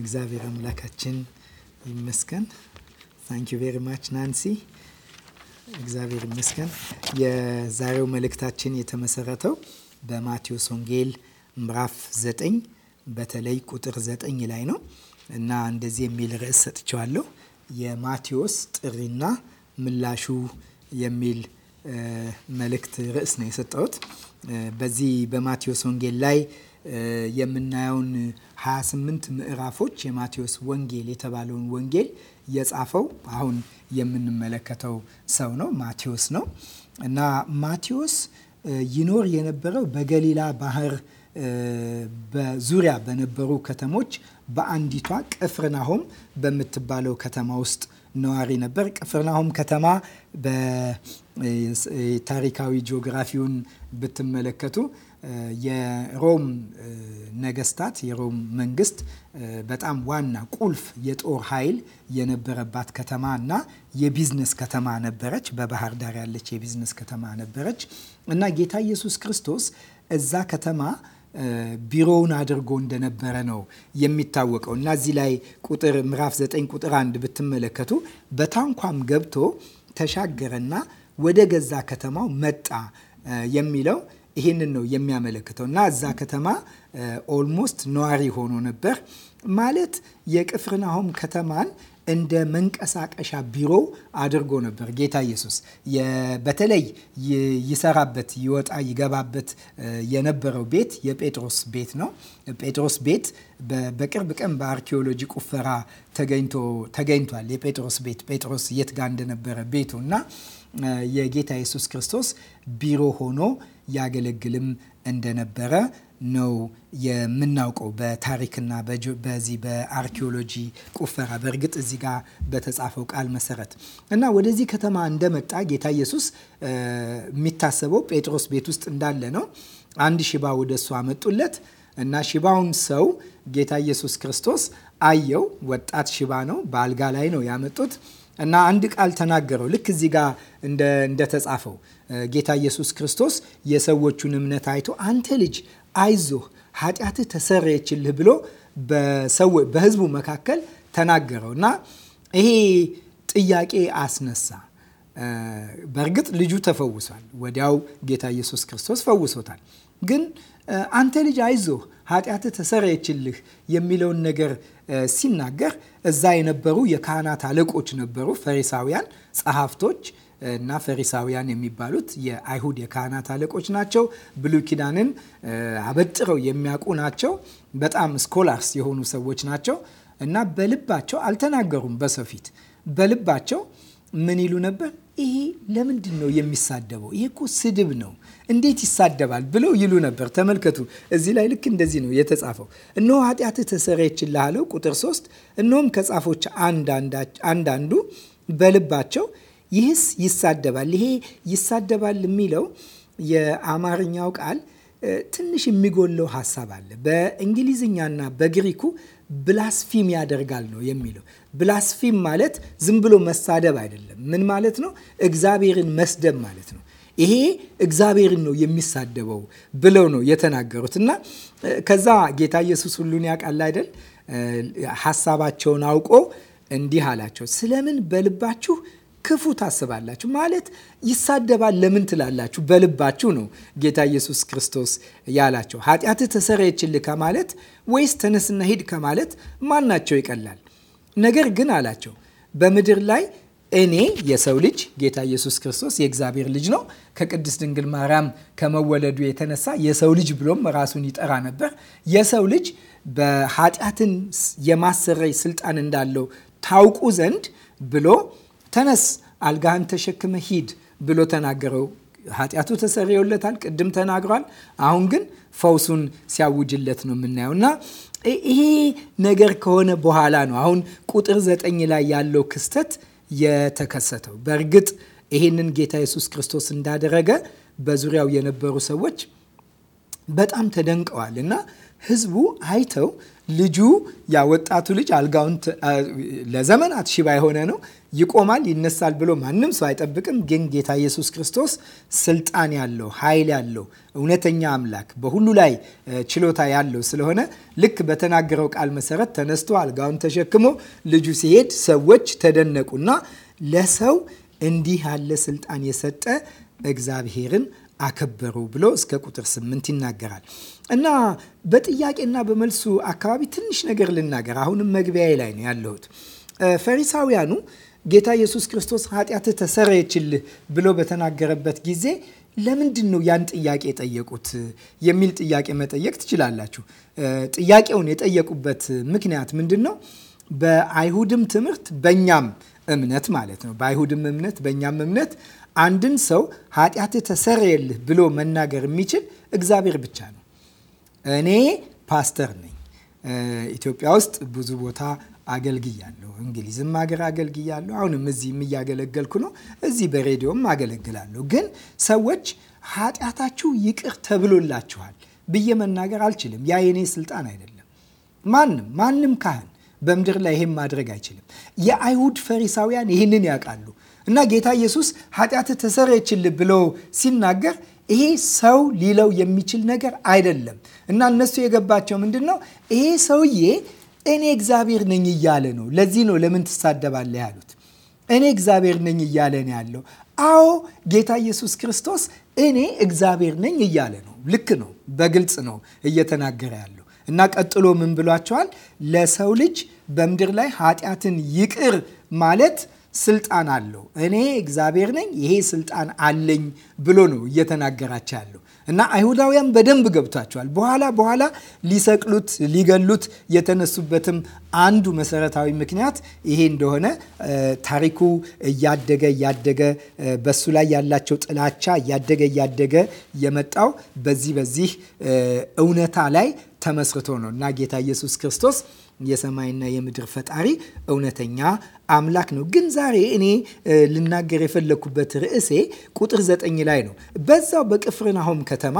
እግዚአብሔር አምላካችን ይመስገን። ታንክ ቬሪ ማች ናንሲ፣ እግዚአብሔር ይመስገን። የዛሬው መልእክታችን የተመሰረተው በማቴዎስ ወንጌል ምዕራፍ 9 በተለይ ቁጥር 9 ላይ ነው እና እንደዚህ የሚል ርዕስ ሰጥቸዋለሁ። የማቴዎስ ጥሪና ምላሹ የሚል መልእክት ርዕስ ነው የሰጠሁት። በዚህ በማቴዎስ ወንጌል ላይ የምናየውን 28 ምዕራፎች የማቴዎስ ወንጌል የተባለውን ወንጌል የጻፈው አሁን የምንመለከተው ሰው ነው፣ ማቴዎስ ነው እና ማቴዎስ ይኖር የነበረው በገሊላ ባህር በዙሪያ በነበሩ ከተሞች በአንዲቷ ቅፍርናሆም በምትባለው ከተማ ውስጥ ነዋሪ ነበር። ቅፍርናሆም ከተማ በታሪካዊ ጂኦግራፊውን ብትመለከቱ የሮም ነገስታት የሮም መንግስት በጣም ዋና ቁልፍ የጦር ኃይል የነበረባት ከተማ እና የቢዝነስ ከተማ ነበረች። በባህር ዳር ያለች የቢዝነስ ከተማ ነበረች እና ጌታ ኢየሱስ ክርስቶስ እዛ ከተማ ቢሮውን አድርጎ እንደነበረ ነው የሚታወቀው እና እዚህ ላይ ቁጥር ምዕራፍ 9 ቁጥር አንድ ብትመለከቱ በታንኳም ገብቶ ተሻገረና ወደ ገዛ ከተማው መጣ የሚለው ይህንን ነው የሚያመለክተው እና እዛ ከተማ ኦልሞስት ነዋሪ ሆኖ ነበር ማለት የቅፍርናሆም ከተማን እንደ መንቀሳቀሻ ቢሮ አድርጎ ነበር ጌታ ኢየሱስ። በተለይ ይሰራበት ይወጣ ይገባበት የነበረው ቤት የጴጥሮስ ቤት ነው። ጴጥሮስ ቤት በቅርብ ቀን በአርኪኦሎጂ ቁፈራ ተገኝቷል። የጴጥሮስ ቤት ጴጥሮስ የት ጋር እንደነበረ ቤቱ እና የጌታ ኢየሱስ ክርስቶስ ቢሮ ሆኖ ያገለግልም እንደነበረ ነው የምናውቀው በታሪክና በዚህ በአርኪኦሎጂ ቁፈራ በእርግጥ እዚህ ጋር በተጻፈው ቃል መሰረት እና ወደዚህ ከተማ እንደመጣ ጌታ ኢየሱስ የሚታሰበው ጴጥሮስ ቤት ውስጥ እንዳለ ነው። አንድ ሽባ ወደ እሱ አመጡለት እና ሽባውን ሰው ጌታ ኢየሱስ ክርስቶስ አየው። ወጣት ሽባ ነው። በአልጋ ላይ ነው ያመጡት እና አንድ ቃል ተናገረው ልክ እዚህ ጋር እንደተጻፈው ጌታ ኢየሱስ ክርስቶስ የሰዎቹን እምነት አይቶ አንተ ልጅ አይዞህ ኃጢአትህ ተሰረየችልህ ብሎ በህዝቡ መካከል ተናገረው እና ይሄ ጥያቄ አስነሳ። በእርግጥ ልጁ ተፈውሷል። ወዲያው ጌታ ኢየሱስ ክርስቶስ ፈውሶታል። ግን አንተ ልጅ አይዞህ ኃጢአትህ ተሰረየችልህ የሚለውን ነገር ሲናገር እዛ የነበሩ የካህናት አለቆች ነበሩ፣ ፈሪሳውያን፣ ጸሐፍቶች እና ፈሪሳውያን የሚባሉት የአይሁድ የካህናት አለቆች ናቸው። ብሉይ ኪዳንን አበጥረው የሚያውቁ ናቸው። በጣም ስኮላርስ የሆኑ ሰዎች ናቸው እና በልባቸው አልተናገሩም። በሰው ፊት በልባቸው ምን ይሉ ነበር? ይሄ ለምንድን ነው የሚሳደበው? ይሄ እኮ ስድብ ነው፣ እንዴት ይሳደባል ብለው ይሉ ነበር። ተመልከቱ፣ እዚህ ላይ ልክ እንደዚህ ነው የተጻፈው። እነሆ ኃጢአትህ ተሰረየችልህ አለው። ቁጥር ሶስት እነሆም ከጻፎች አንዳንዱ በልባቸው ይህስ ይሳደባል። ይሄ ይሳደባል የሚለው የአማርኛው ቃል ትንሽ የሚጎለው ሀሳብ አለ። በእንግሊዝኛና በግሪኩ ብላስፊም ያደርጋል ነው የሚለው። ብላስፊም ማለት ዝም ብሎ መሳደብ አይደለም። ምን ማለት ነው? እግዚአብሔርን መስደብ ማለት ነው። ይሄ እግዚአብሔርን ነው የሚሳደበው ብለው ነው የተናገሩት። እና ከዛ ጌታ ኢየሱስ ሁሉን ያውቃል አይደል? ሀሳባቸውን አውቆ እንዲህ አላቸው፣ ስለምን በልባችሁ ክፉ ታስባላችሁ ማለት ይሳደባል ለምን ትላላችሁ? በልባችሁ ነው ጌታ ኢየሱስ ክርስቶስ ያላቸው። ኃጢአትህ ተሰረየችልህ ከማለት ወይስ ተነስና ሂድ ከማለት ማናቸው ይቀላል? ነገር ግን አላቸው በምድር ላይ እኔ የሰው ልጅ ጌታ ኢየሱስ ክርስቶስ የእግዚአብሔር ልጅ ነው። ከቅድስት ድንግል ማርያም ከመወለዱ የተነሳ የሰው ልጅ ብሎም ራሱን ይጠራ ነበር። የሰው ልጅ በኃጢአትን የማሰረይ ስልጣን እንዳለው ታውቁ ዘንድ ብሎ ተነስ አልጋህን ተሸክመ ሂድ ብሎ ተናገረው። ኃጢአቱ ተሰሪውለታል ቅድም ተናግሯል። አሁን ግን ፈውሱን ሲያውጅለት ነው የምናየው እና ይሄ ነገር ከሆነ በኋላ ነው አሁን ቁጥር ዘጠኝ ላይ ያለው ክስተት የተከሰተው። በእርግጥ ይሄንን ጌታ ኢየሱስ ክርስቶስ እንዳደረገ በዙሪያው የነበሩ ሰዎች በጣም ተደንቀዋል እና ህዝቡ አይተው ልጁ ያ ወጣቱ ልጅ አልጋውን ለዘመናት ሽባ የሆነ ነው፣ ይቆማል፣ ይነሳል ብሎ ማንም ሰው አይጠብቅም። ግን ጌታ ኢየሱስ ክርስቶስ ስልጣን ያለው ኃይል ያለው እውነተኛ አምላክ በሁሉ ላይ ችሎታ ያለው ስለሆነ ልክ በተናገረው ቃል መሰረት ተነስቶ አልጋውን ተሸክሞ ልጁ ሲሄድ ሰዎች ተደነቁና ለሰው እንዲህ ያለ ስልጣን የሰጠ እግዚአብሔርን አከበሩ ብሎ እስከ ቁጥር ስምንት ይናገራል እና በጥያቄና በመልሱ አካባቢ ትንሽ ነገር ልናገር። አሁንም መግቢያዬ ላይ ነው ያለሁት። ፈሪሳውያኑ ጌታ ኢየሱስ ክርስቶስ ኃጢአት ተሰረየችልህ ብሎ በተናገረበት ጊዜ ለምንድን ነው ያን ጥያቄ የጠየቁት የሚል ጥያቄ መጠየቅ ትችላላችሁ። ጥያቄውን የጠየቁበት ምክንያት ምንድን ነው? በአይሁድም ትምህርት በእኛም እምነት ማለት ነው። በአይሁድም እምነት በእኛም እምነት አንድን ሰው ኃጢአት ተሰረየልህ ብሎ መናገር የሚችል እግዚአብሔር ብቻ ነው። እኔ ፓስተር ነኝ። ኢትዮጵያ ውስጥ ብዙ ቦታ አገልግያለሁ። እንግሊዝም ሀገር አገልግያለሁ። አሁንም እዚህም እያገለገልኩ ነው። እዚህ በሬዲዮም አገለግላለሁ። ግን ሰዎች ኃጢአታችሁ ይቅር ተብሎላችኋል ብዬ መናገር አልችልም። ያ የኔ ስልጣን አይደለም። ማንም ማንም ካህን በምድር ላይ ይሄን ማድረግ አይችልም። የአይሁድ ፈሪሳውያን ይህንን ያውቃሉ። እና ጌታ ኢየሱስ ኃጢአት ተሰረየችልህ ብሎ ሲናገር ይሄ ሰው ሊለው የሚችል ነገር አይደለም። እና እነሱ የገባቸው ምንድን ነው? ይሄ ሰውዬ እኔ እግዚአብሔር ነኝ እያለ ነው። ለዚህ ነው ለምን ትሳደባለህ ያሉት። እኔ እግዚአብሔር ነኝ እያለ ነው ያለው። አዎ ጌታ ኢየሱስ ክርስቶስ እኔ እግዚአብሔር ነኝ እያለ ነው። ልክ ነው። በግልጽ ነው እየተናገረ ያለው እና ቀጥሎ ምን ብሏቸዋል? ለሰው ልጅ በምድር ላይ ኃጢአትን ይቅር ማለት ስልጣን አለው። እኔ እግዚአብሔር ነኝ፣ ይሄ ስልጣን አለኝ ብሎ ነው እየተናገራቸው ያለው እና አይሁዳውያን በደንብ ገብቷቸዋል። በኋላ በኋላ ሊሰቅሉት ሊገሉት የተነሱበትም አንዱ መሰረታዊ ምክንያት ይሄ እንደሆነ ታሪኩ እያደገ እያደገ በሱ ላይ ያላቸው ጥላቻ እያደገ እያደገ የመጣው በዚህ በዚህ እውነታ ላይ ተመስርቶ ነው እና ጌታ ኢየሱስ ክርስቶስ የሰማይና የምድር ፈጣሪ እውነተኛ አምላክ ነው። ግን ዛሬ እኔ ልናገር የፈለግኩበት ርዕሴ ቁጥር ዘጠኝ ላይ ነው። በዛው በቅፍርናሆም ከተማ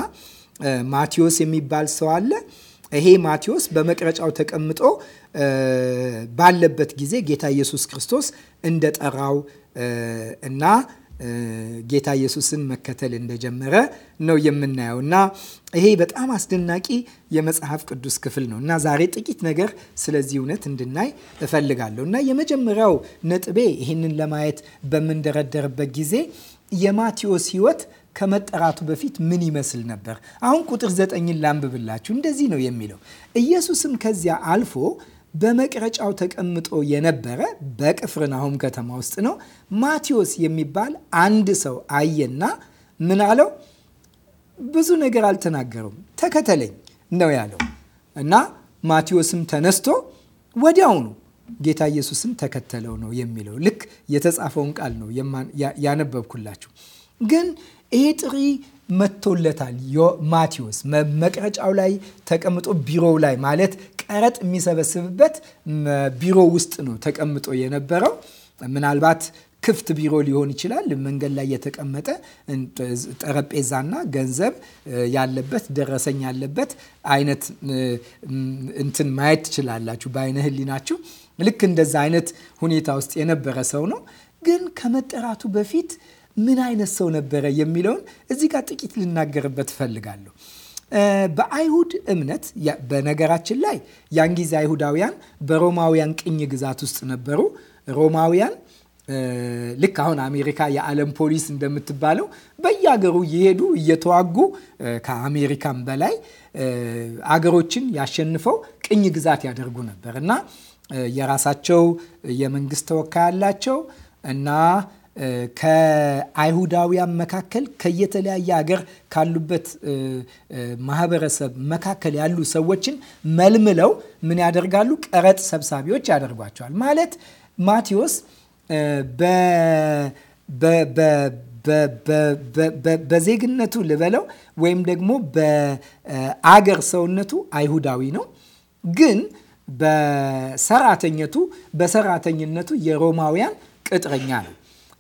ማቴዎስ የሚባል ሰው አለ። ይሄ ማቴዎስ በመቅረጫው ተቀምጦ ባለበት ጊዜ ጌታ ኢየሱስ ክርስቶስ እንደጠራው እና ጌታ ኢየሱስን መከተል እንደጀመረ ነው የምናየው እና ይሄ በጣም አስደናቂ የመጽሐፍ ቅዱስ ክፍል ነው እና ዛሬ ጥቂት ነገር ስለዚህ እውነት እንድናይ እፈልጋለሁ እና የመጀመሪያው ነጥቤ ይህንን ለማየት በምንደረደርበት ጊዜ የማቴዎስ ሕይወት ከመጠራቱ በፊት ምን ይመስል ነበር? አሁን ቁጥር ዘጠኝን ላንብብላችሁ። እንደዚህ ነው የሚለው ኢየሱስም ከዚያ አልፎ በመቅረጫው ተቀምጦ የነበረ በቅፍርናሆም ከተማ ውስጥ ነው። ማቴዎስ የሚባል አንድ ሰው አየና ምን አለው? ብዙ ነገር አልተናገረውም። ተከተለኝ ነው ያለው እና ማቴዎስም ተነስቶ ወዲያውኑ ጌታ ኢየሱስን ተከተለው ነው የሚለው። ልክ የተጻፈውን ቃል ነው ያነበብኩላችሁ። ግን ይሄ ጥሪ መጥቶለታል። ማቴዎስ መቅረጫው ላይ ተቀምጦ ቢሮው ላይ ማለት ቀረጥ የሚሰበስብበት ቢሮ ውስጥ ነው ተቀምጦ የነበረው ምናልባት ክፍት ቢሮ ሊሆን ይችላል። መንገድ ላይ የተቀመጠ ጠረጴዛና ገንዘብ ያለበት ደረሰኝ ያለበት አይነት እንትን ማየት ትችላላችሁ በአይነ ናችሁ ልክ እንደዛ አይነት ሁኔታ ውስጥ የነበረ ሰው ነው። ግን ከመጠራቱ በፊት ምን አይነት ሰው ነበረ የሚለውን እዚህ ጋር ጥቂት ልናገርበት እፈልጋለሁ። በአይሁድ እምነት በነገራችን ላይ ያን ጊዜ አይሁዳውያን በሮማውያን ቅኝ ግዛት ውስጥ ነበሩ። ሮማውያን ልክ አሁን አሜሪካ የዓለም ፖሊስ እንደምትባለው በየአገሩ እየሄዱ እየተዋጉ ከአሜሪካን በላይ አገሮችን ያሸንፈው ቅኝ ግዛት ያደርጉ ነበር እና የራሳቸው የመንግስት ተወካይ አላቸው እና ከአይሁዳውያን መካከል ከየተለያየ ሀገር ካሉበት ማህበረሰብ መካከል ያሉ ሰዎችን መልምለው ምን ያደርጋሉ? ቀረጥ ሰብሳቢዎች ያደርጓቸዋል። ማለት ማቴዎስ በዜግነቱ ልበለው ወይም ደግሞ በአገር ሰውነቱ አይሁዳዊ ነው ግን በሰራተኝነቱ በሰራተኝነቱ የሮማውያን ቅጥረኛ ነው።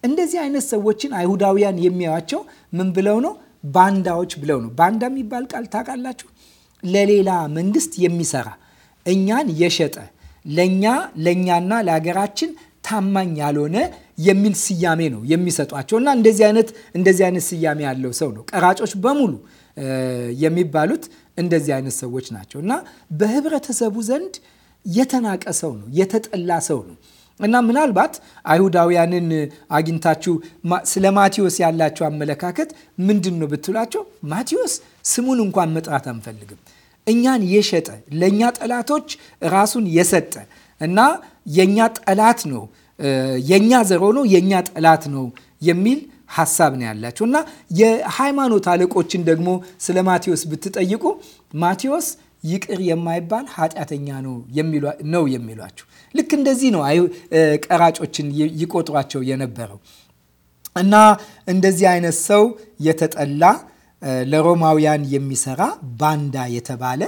እንደዚህ አይነት ሰዎችን አይሁዳውያን የሚያዩቸው ምን ብለው ነው? ባንዳዎች ብለው ነው። ባንዳ የሚባል ቃል ታውቃላችሁ? ለሌላ መንግስት የሚሰራ እኛን የሸጠ ለእኛ ለእኛና ለሀገራችን ታማኝ ያልሆነ የሚል ስያሜ ነው የሚሰጧቸው እና እንደዚህ አይነት እንደዚህ አይነት ስያሜ ያለው ሰው ነው። ቀራጮች በሙሉ የሚባሉት እንደዚህ አይነት ሰዎች ናቸው እና በህብረተሰቡ ዘንድ የተናቀ ሰው ነው፣ የተጠላ ሰው ነው። እና ምናልባት አይሁዳውያንን አግኝታችሁ ስለ ማቴዎስ ያላቸው አመለካከት ምንድን ነው ብትሏቸው፣ ማቴዎስ ስሙን እንኳን መጥራት አንፈልግም። እኛን የሸጠ ለእኛ ጠላቶች ራሱን የሰጠ እና የእኛ ጠላት ነው የእኛ ዘሮ ነው የእኛ ጠላት ነው የሚል ሀሳብ ነው ያላቸው እና የሃይማኖት አለቆችን ደግሞ ስለ ማቴዎስ ብትጠይቁ ማቴዎስ ይቅር የማይባል ኃጢአተኛ ነው የሚሏችሁ። የሚሏቸው። ልክ እንደዚህ ነው ቀራጮችን ይቆጥሯቸው የነበረው እና እንደዚህ አይነት ሰው የተጠላ ለሮማውያን የሚሰራ ባንዳ የተባለ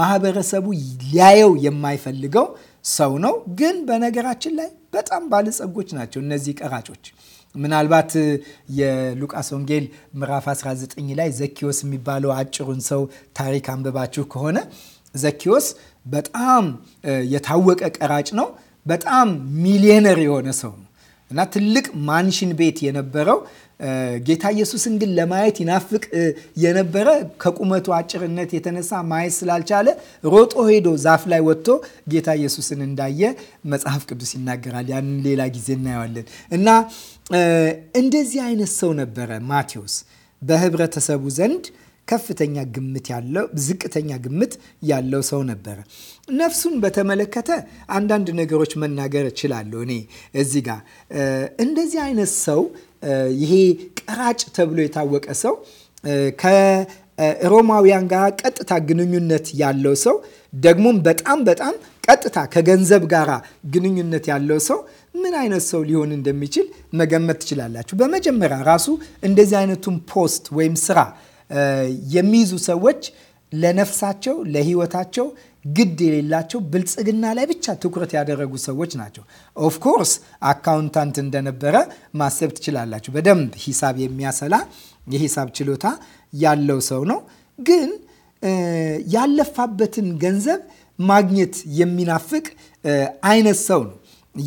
ማህበረሰቡ ሊያየው የማይፈልገው ሰው ነው። ግን በነገራችን ላይ በጣም ባለጸጎች ናቸው እነዚህ ቀራጮች። ምናልባት የሉቃስ ወንጌል ምዕራፍ 19 ላይ ዘኪዎስ የሚባለው አጭሩን ሰው ታሪክ አንብባችሁ ከሆነ ዘኪዎስ በጣም የታወቀ ቀራጭ ነው። በጣም ሚሊዮነር የሆነ ሰው ነው እና ትልቅ ማንሽን ቤት የነበረው ጌታ ኢየሱስን ግን ለማየት ይናፍቅ የነበረ ከቁመቱ አጭርነት የተነሳ ማየት ስላልቻለ ሮጦ ሄዶ ዛፍ ላይ ወጥቶ ጌታ ኢየሱስን እንዳየ መጽሐፍ ቅዱስ ይናገራል። ያንን ሌላ ጊዜ እናየዋለን እና እንደዚህ አይነት ሰው ነበረ ማቴዎስ በህብረተሰቡ ዘንድ ከፍተኛ ግምት ያለው ዝቅተኛ ግምት ያለው ሰው ነበረ። ነፍሱን በተመለከተ አንዳንድ ነገሮች መናገር እችላለሁ። እኔ እዚ ጋ እንደዚህ አይነት ሰው ይሄ ቀራጭ ተብሎ የታወቀ ሰው ከሮማውያን ጋር ቀጥታ ግንኙነት ያለው ሰው ደግሞም በጣም በጣም ቀጥታ ከገንዘብ ጋር ግንኙነት ያለው ሰው ምን አይነት ሰው ሊሆን እንደሚችል መገመት ትችላላችሁ። በመጀመሪያ ራሱ እንደዚህ አይነቱን ፖስት ወይም ስራ የሚይዙ ሰዎች ለነፍሳቸው፣ ለህይወታቸው ግድ የሌላቸው ብልጽግና ላይ ብቻ ትኩረት ያደረጉ ሰዎች ናቸው። ኦፍኮርስ አካውንታንት እንደነበረ ማሰብ ትችላላችሁ። በደንብ ሂሳብ የሚያሰላ የሂሳብ ችሎታ ያለው ሰው ነው። ግን ያለፋበትን ገንዘብ ማግኘት የሚናፍቅ አይነት ሰው ነው።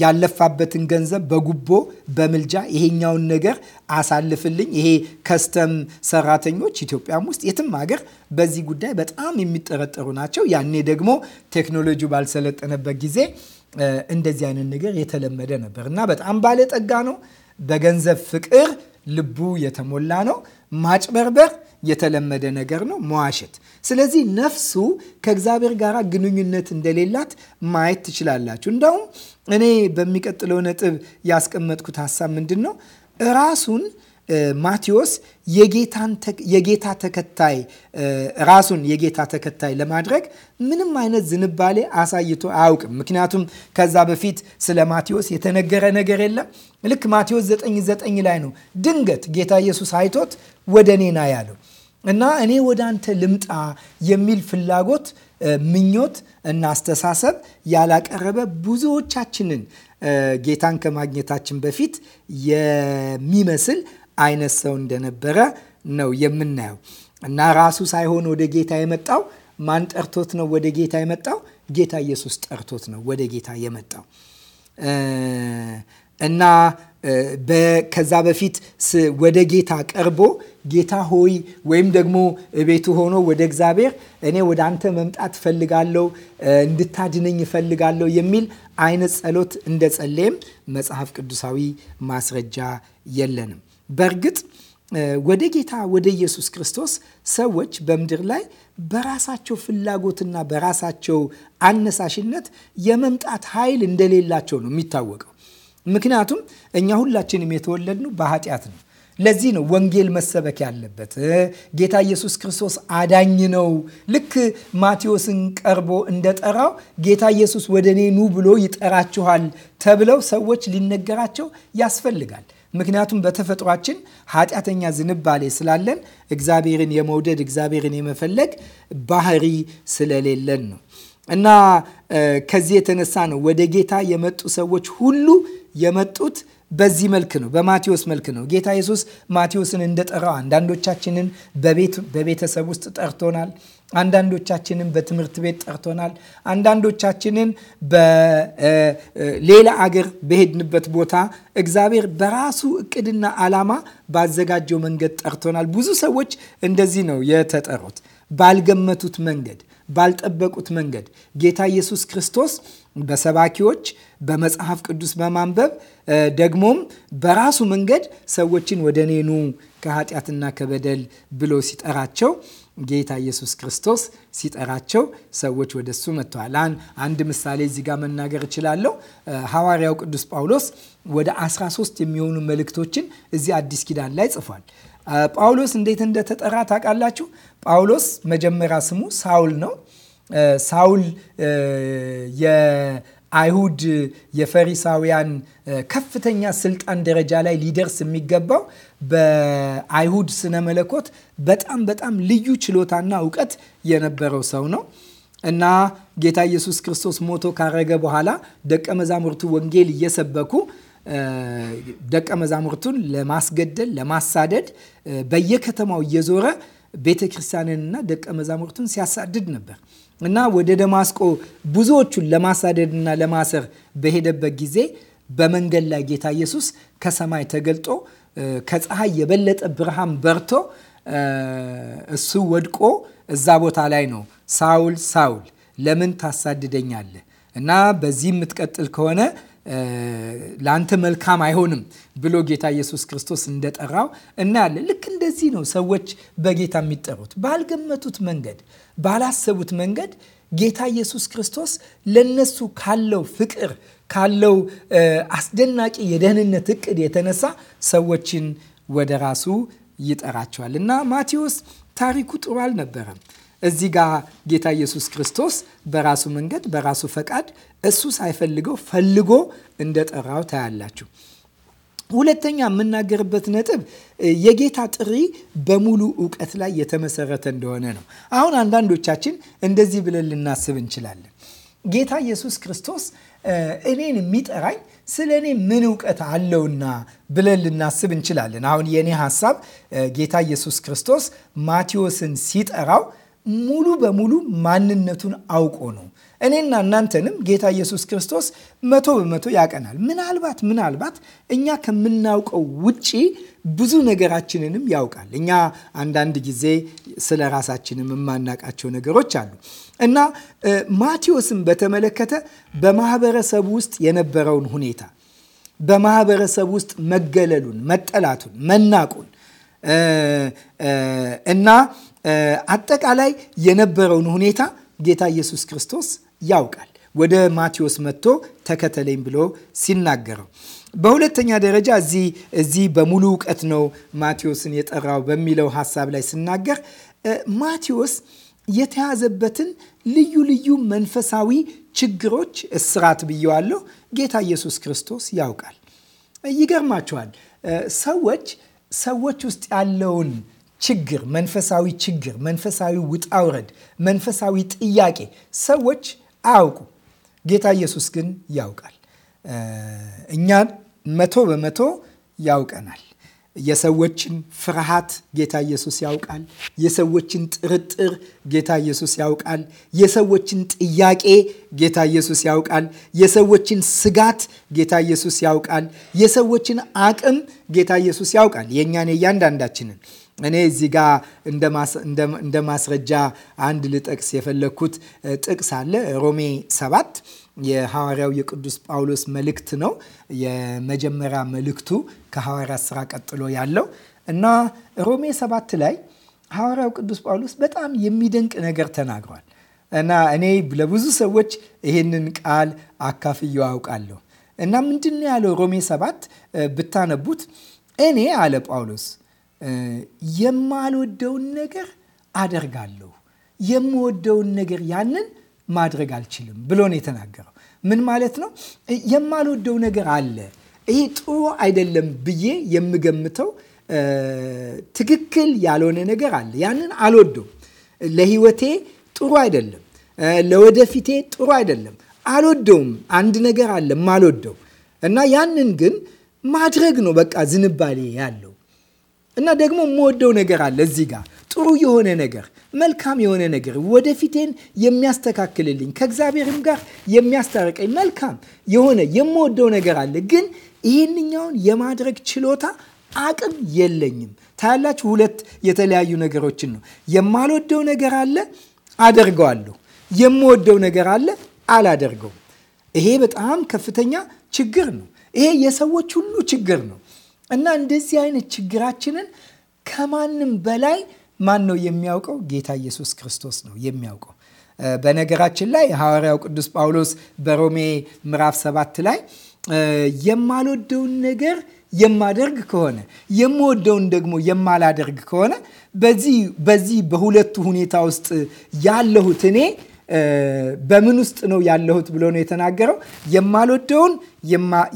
ያለፋበትን ገንዘብ በጉቦ በምልጃ ይሄኛውን ነገር አሳልፍልኝ። ይሄ ከስተም ሰራተኞች ኢትዮጵያም ውስጥ የትም ሀገር በዚህ ጉዳይ በጣም የሚጠረጠሩ ናቸው። ያኔ ደግሞ ቴክኖሎጂው ባልሰለጠነበት ጊዜ እንደዚህ አይነት ነገር የተለመደ ነበር እና በጣም ባለጠጋ ነው በገንዘብ ፍቅር ልቡ የተሞላ ነው። ማጭበርበር የተለመደ ነገር ነው። መዋሸት። ስለዚህ ነፍሱ ከእግዚአብሔር ጋር ግንኙነት እንደሌላት ማየት ትችላላችሁ። እንዳውም እኔ በሚቀጥለው ነጥብ ያስቀመጥኩት ሀሳብ ምንድን ነው? ራሱን ማቴዎስ የጌታ ተከታይ ራሱን የጌታ ተከታይ ለማድረግ ምንም አይነት ዝንባሌ አሳይቶ አያውቅም። ምክንያቱም ከዛ በፊት ስለ ማቴዎስ የተነገረ ነገር የለም። ልክ ማቴዎስ 9:9 ላይ ነው ድንገት ጌታ ኢየሱስ አይቶት ወደ እኔ ና ያለው እና እኔ ወደ አንተ ልምጣ የሚል ፍላጎት ምኞት እና አስተሳሰብ ያላቀረበ ብዙዎቻችንን ጌታን ከማግኘታችን በፊት የሚመስል አይነት ሰው እንደነበረ ነው የምናየው እና ራሱ ሳይሆን ወደ ጌታ የመጣው ማን ጠርቶት ነው ወደ ጌታ የመጣው? ጌታ ኢየሱስ ጠርቶት ነው ወደ ጌታ የመጣው እና ከዛ በፊት ወደ ጌታ ቀርቦ ጌታ ሆይ ወይም ደግሞ ቤቱ ሆኖ ወደ እግዚአብሔር እኔ ወደ አንተ መምጣት እፈልጋለሁ፣ እንድታድነኝ እፈልጋለሁ የሚል አይነት ጸሎት እንደጸለየም መጽሐፍ ቅዱሳዊ ማስረጃ የለንም። በእርግጥ ወደ ጌታ ወደ ኢየሱስ ክርስቶስ ሰዎች በምድር ላይ በራሳቸው ፍላጎትና በራሳቸው አነሳሽነት የመምጣት ኃይል እንደሌላቸው ነው የሚታወቀው። ምክንያቱም እኛ ሁላችንም የተወለድነው በኃጢአት ነው። ለዚህ ነው ወንጌል መሰበክ ያለበት። ጌታ ኢየሱስ ክርስቶስ አዳኝ ነው። ልክ ማቴዎስን ቀርቦ እንደጠራው ጌታ ኢየሱስ ወደ እኔ ኑ ብሎ ይጠራችኋል ተብለው ሰዎች ሊነገራቸው ያስፈልጋል። ምክንያቱም በተፈጥሯችን ኃጢአተኛ ዝንባሌ ስላለን እግዚአብሔርን የመውደድ እግዚአብሔርን የመፈለግ ባህሪ ስለሌለን ነው እና ከዚህ የተነሳ ነው ወደ ጌታ የመጡ ሰዎች ሁሉ የመጡት በዚህ መልክ ነው፣ በማቴዎስ መልክ ነው። ጌታ ኢየሱስ ማቴዎስን እንደጠራው አንዳንዶቻችንን በቤተሰብ ውስጥ ጠርቶናል። አንዳንዶቻችንን በትምህርት ቤት ጠርቶናል። አንዳንዶቻችንን በሌላ አገር በሄድንበት ቦታ እግዚአብሔር በራሱ እቅድና ዓላማ ባዘጋጀው መንገድ ጠርቶናል። ብዙ ሰዎች እንደዚህ ነው የተጠሩት፣ ባልገመቱት መንገድ፣ ባልጠበቁት መንገድ ጌታ ኢየሱስ ክርስቶስ በሰባኪዎች በመጽሐፍ ቅዱስ በማንበብ ደግሞም በራሱ መንገድ ሰዎችን ወደ እኔኑ ከኃጢአትና ከበደል ብሎ ሲጠራቸው ጌታ ኢየሱስ ክርስቶስ ሲጠራቸው ሰዎች ወደ እሱ መጥተዋል። አንድ ምሳሌ እዚህ ጋር መናገር እችላለሁ። ሐዋርያው ቅዱስ ጳውሎስ ወደ 13 የሚሆኑ መልእክቶችን እዚህ አዲስ ኪዳን ላይ ጽፏል። ጳውሎስ እንዴት እንደተጠራ ታውቃላችሁ? ጳውሎስ መጀመሪያ ስሙ ሳውል ነው። ሳውል አይሁድ የፈሪሳውያን ከፍተኛ ስልጣን ደረጃ ላይ ሊደርስ የሚገባው በአይሁድ ስነ መለኮት በጣም በጣም ልዩ ችሎታና እውቀት የነበረው ሰው ነው እና ጌታ ኢየሱስ ክርስቶስ ሞቶ ካረገ በኋላ ደቀ መዛሙርቱ ወንጌል እየሰበኩ ደቀ መዛሙርቱን ለማስገደል፣ ለማሳደድ በየከተማው እየዞረ ቤተ ክርስቲያንንና ደቀ መዛሙርቱን ሲያሳድድ ነበር። እና ወደ ደማስቆ ብዙዎቹን ለማሳደድና ለማሰር በሄደበት ጊዜ በመንገድ ላይ ጌታ ኢየሱስ ከሰማይ ተገልጦ ከፀሐይ የበለጠ ብርሃን በርቶ እሱ ወድቆ እዛ ቦታ ላይ ነው ሳውል ሳውል ለምን ታሳድደኛለህ? እና በዚህ የምትቀጥል ከሆነ ለአንተ መልካም አይሆንም ብሎ ጌታ ኢየሱስ ክርስቶስ እንደጠራው እናያለን። ልክ እንደዚህ ነው ሰዎች በጌታ የሚጠሩት ባልገመቱት መንገድ ባላሰቡት መንገድ ጌታ ኢየሱስ ክርስቶስ ለነሱ ካለው ፍቅር ካለው አስደናቂ የደህንነት እቅድ የተነሳ ሰዎችን ወደ ራሱ ይጠራቸዋል እና ማቴዎስ ታሪኩ ጥሩ አልነበረም። እዚህ ጋር ጌታ ኢየሱስ ክርስቶስ በራሱ መንገድ በራሱ ፈቃድ እሱ ሳይፈልገው ፈልጎ እንደጠራው ታያላችሁ። ሁለተኛ የምናገርበት ነጥብ የጌታ ጥሪ በሙሉ እውቀት ላይ የተመሰረተ እንደሆነ ነው። አሁን አንዳንዶቻችን እንደዚህ ብለን ልናስብ እንችላለን። ጌታ ኢየሱስ ክርስቶስ እኔን የሚጠራኝ ስለ እኔ ምን እውቀት አለውና ብለን ልናስብ እንችላለን። አሁን የእኔ ሀሳብ ጌታ ኢየሱስ ክርስቶስ ማቴዎስን ሲጠራው ሙሉ በሙሉ ማንነቱን አውቆ ነው እኔና እናንተንም ጌታ ኢየሱስ ክርስቶስ መቶ በመቶ ያቀናል። ምናልባት ምናልባት እኛ ከምናውቀው ውጪ ብዙ ነገራችንንም ያውቃል። እኛ አንዳንድ ጊዜ ስለ ራሳችንም የማናቃቸው ነገሮች አሉ እና ማቴዎስን በተመለከተ በማህበረሰብ ውስጥ የነበረውን ሁኔታ በማህበረሰብ ውስጥ መገለሉን፣ መጠላቱን፣ መናቁን እና አጠቃላይ የነበረውን ሁኔታ ጌታ ኢየሱስ ክርስቶስ ያውቃል። ወደ ማቴዎስ መጥቶ ተከተለኝ ብሎ ሲናገረው በሁለተኛ ደረጃ እዚህ እዚህ በሙሉ እውቀት ነው ማቴዎስን የጠራው በሚለው ሀሳብ ላይ ስናገር ማቴዎስ የተያዘበትን ልዩ ልዩ መንፈሳዊ ችግሮች እስራት ብየዋለሁ፣ ጌታ ኢየሱስ ክርስቶስ ያውቃል። ይገርማችኋል ሰዎች ሰዎች ውስጥ ያለውን ችግር መንፈሳዊ ችግር፣ መንፈሳዊ ውጣውረድ፣ መንፈሳዊ ጥያቄ ሰዎች አውቁ ጌታ ኢየሱስ ግን ያውቃል። እኛን መቶ በመቶ ያውቀናል። የሰዎችን ፍርሃት ጌታ ኢየሱስ ያውቃል። የሰዎችን ጥርጥር ጌታ ኢየሱስ ያውቃል። የሰዎችን ጥያቄ ጌታ ኢየሱስ ያውቃል። የሰዎችን ስጋት ጌታ ኢየሱስ ያውቃል። የሰዎችን አቅም ጌታ ኢየሱስ ያውቃል። የእኛን እያንዳንዳችንን እኔ እዚህ ጋር እንደ ማስረጃ አንድ ልጠቅስ የፈለግኩት ጥቅስ አለ። ሮሜ ሰባት የሐዋርያው የቅዱስ ጳውሎስ መልእክት ነው። የመጀመሪያ መልእክቱ ከሐዋርያ ስራ ቀጥሎ ያለው እና ሮሜ ሰባት ላይ ሐዋርያው ቅዱስ ጳውሎስ በጣም የሚደንቅ ነገር ተናግሯል እና እኔ ለብዙ ሰዎች ይህንን ቃል አካፍዬ አውቃለሁ እና ምንድን ያለው ሮሜ ሰባት ብታነቡት እኔ አለ ጳውሎስ የማልወደውን ነገር አደርጋለሁ፣ የምወደውን ነገር ያንን ማድረግ አልችልም ብሎ ነው የተናገረው። ምን ማለት ነው? የማልወደው ነገር አለ፣ ይሄ ጥሩ አይደለም ብዬ የምገምተው ትክክል ያልሆነ ነገር አለ። ያንን አልወደውም። ለህይወቴ ጥሩ አይደለም፣ ለወደፊቴ ጥሩ አይደለም፣ አልወደውም። አንድ ነገር አለ ማልወደው እና ያንን ግን ማድረግ ነው በቃ ዝንባሌ ያለው እና ደግሞ የምወደው ነገር አለ እዚህ ጋር ጥሩ የሆነ ነገር መልካም የሆነ ነገር ወደፊቴን የሚያስተካክልልኝ ከእግዚአብሔርም ጋር የሚያስታርቀኝ መልካም የሆነ የምወደው ነገር አለ። ግን ይህንኛውን የማድረግ ችሎታ አቅም የለኝም። ታያላችሁ፣ ሁለት የተለያዩ ነገሮችን ነው። የማልወደው ነገር አለ፣ አደርገዋለሁ። የምወደው ነገር አለ፣ አላደርገውም። ይሄ በጣም ከፍተኛ ችግር ነው። ይሄ የሰዎች ሁሉ ችግር ነው። እና እንደዚህ አይነት ችግራችንን ከማንም በላይ ማን ነው የሚያውቀው? ጌታ ኢየሱስ ክርስቶስ ነው የሚያውቀው። በነገራችን ላይ ሐዋርያው ቅዱስ ጳውሎስ በሮሜ ምዕራፍ ሰባት ላይ የማልወደውን ነገር የማደርግ ከሆነ የምወደውን ደግሞ የማላደርግ ከሆነ በዚህ በዚህ በሁለቱ ሁኔታ ውስጥ ያለሁት እኔ በምን ውስጥ ነው ያለሁት ብሎ ነው የተናገረው። የማልወደውን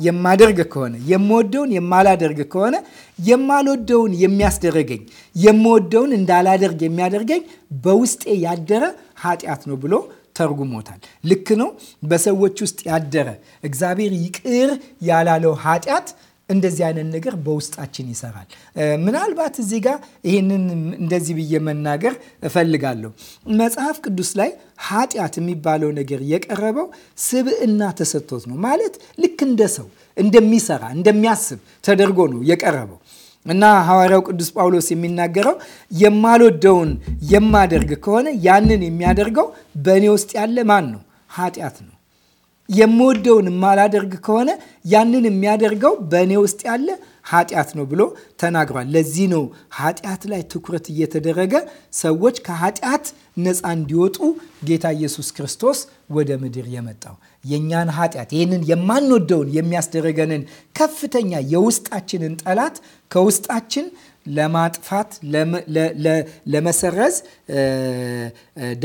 የማደርግ ከሆነ የምወደውን የማላደርግ ከሆነ የማልወደውን የሚያስደረገኝ የምወደውን እንዳላደርግ የሚያደርገኝ በውስጤ ያደረ ኃጢአት ነው ብሎ ተርጉሞታል። ልክ ነው። በሰዎች ውስጥ ያደረ እግዚአብሔር ይቅር ያላለው ኃጢአት እንደዚህ አይነት ነገር በውስጣችን ይሰራል። ምናልባት እዚህ ጋር ይህንን እንደዚህ ብዬ መናገር እፈልጋለሁ። መጽሐፍ ቅዱስ ላይ ኃጢአት የሚባለው ነገር የቀረበው ስብዕና ተሰጥቶት ነው። ማለት ልክ እንደ ሰው እንደሚሰራ እንደሚያስብ ተደርጎ ነው የቀረበው እና ሐዋርያው ቅዱስ ጳውሎስ የሚናገረው የማልወደውን የማደርግ ከሆነ ያንን የሚያደርገው በእኔ ውስጥ ያለ ማን ነው? ኃጢአት ነው። የምወደውን የማላደርግ ከሆነ ያንን የሚያደርገው በእኔ ውስጥ ያለ ኃጢአት ነው ብሎ ተናግሯል። ለዚህ ነው ኃጢአት ላይ ትኩረት እየተደረገ ሰዎች ከኃጢአት ነፃ እንዲወጡ ጌታ ኢየሱስ ክርስቶስ ወደ ምድር የመጣው የእኛን ኃጢአት ይህንን የማንወደውን የሚያስደረገንን ከፍተኛ የውስጣችንን ጠላት ከውስጣችን ለማጥፋት፣ ለመሰረዝ፣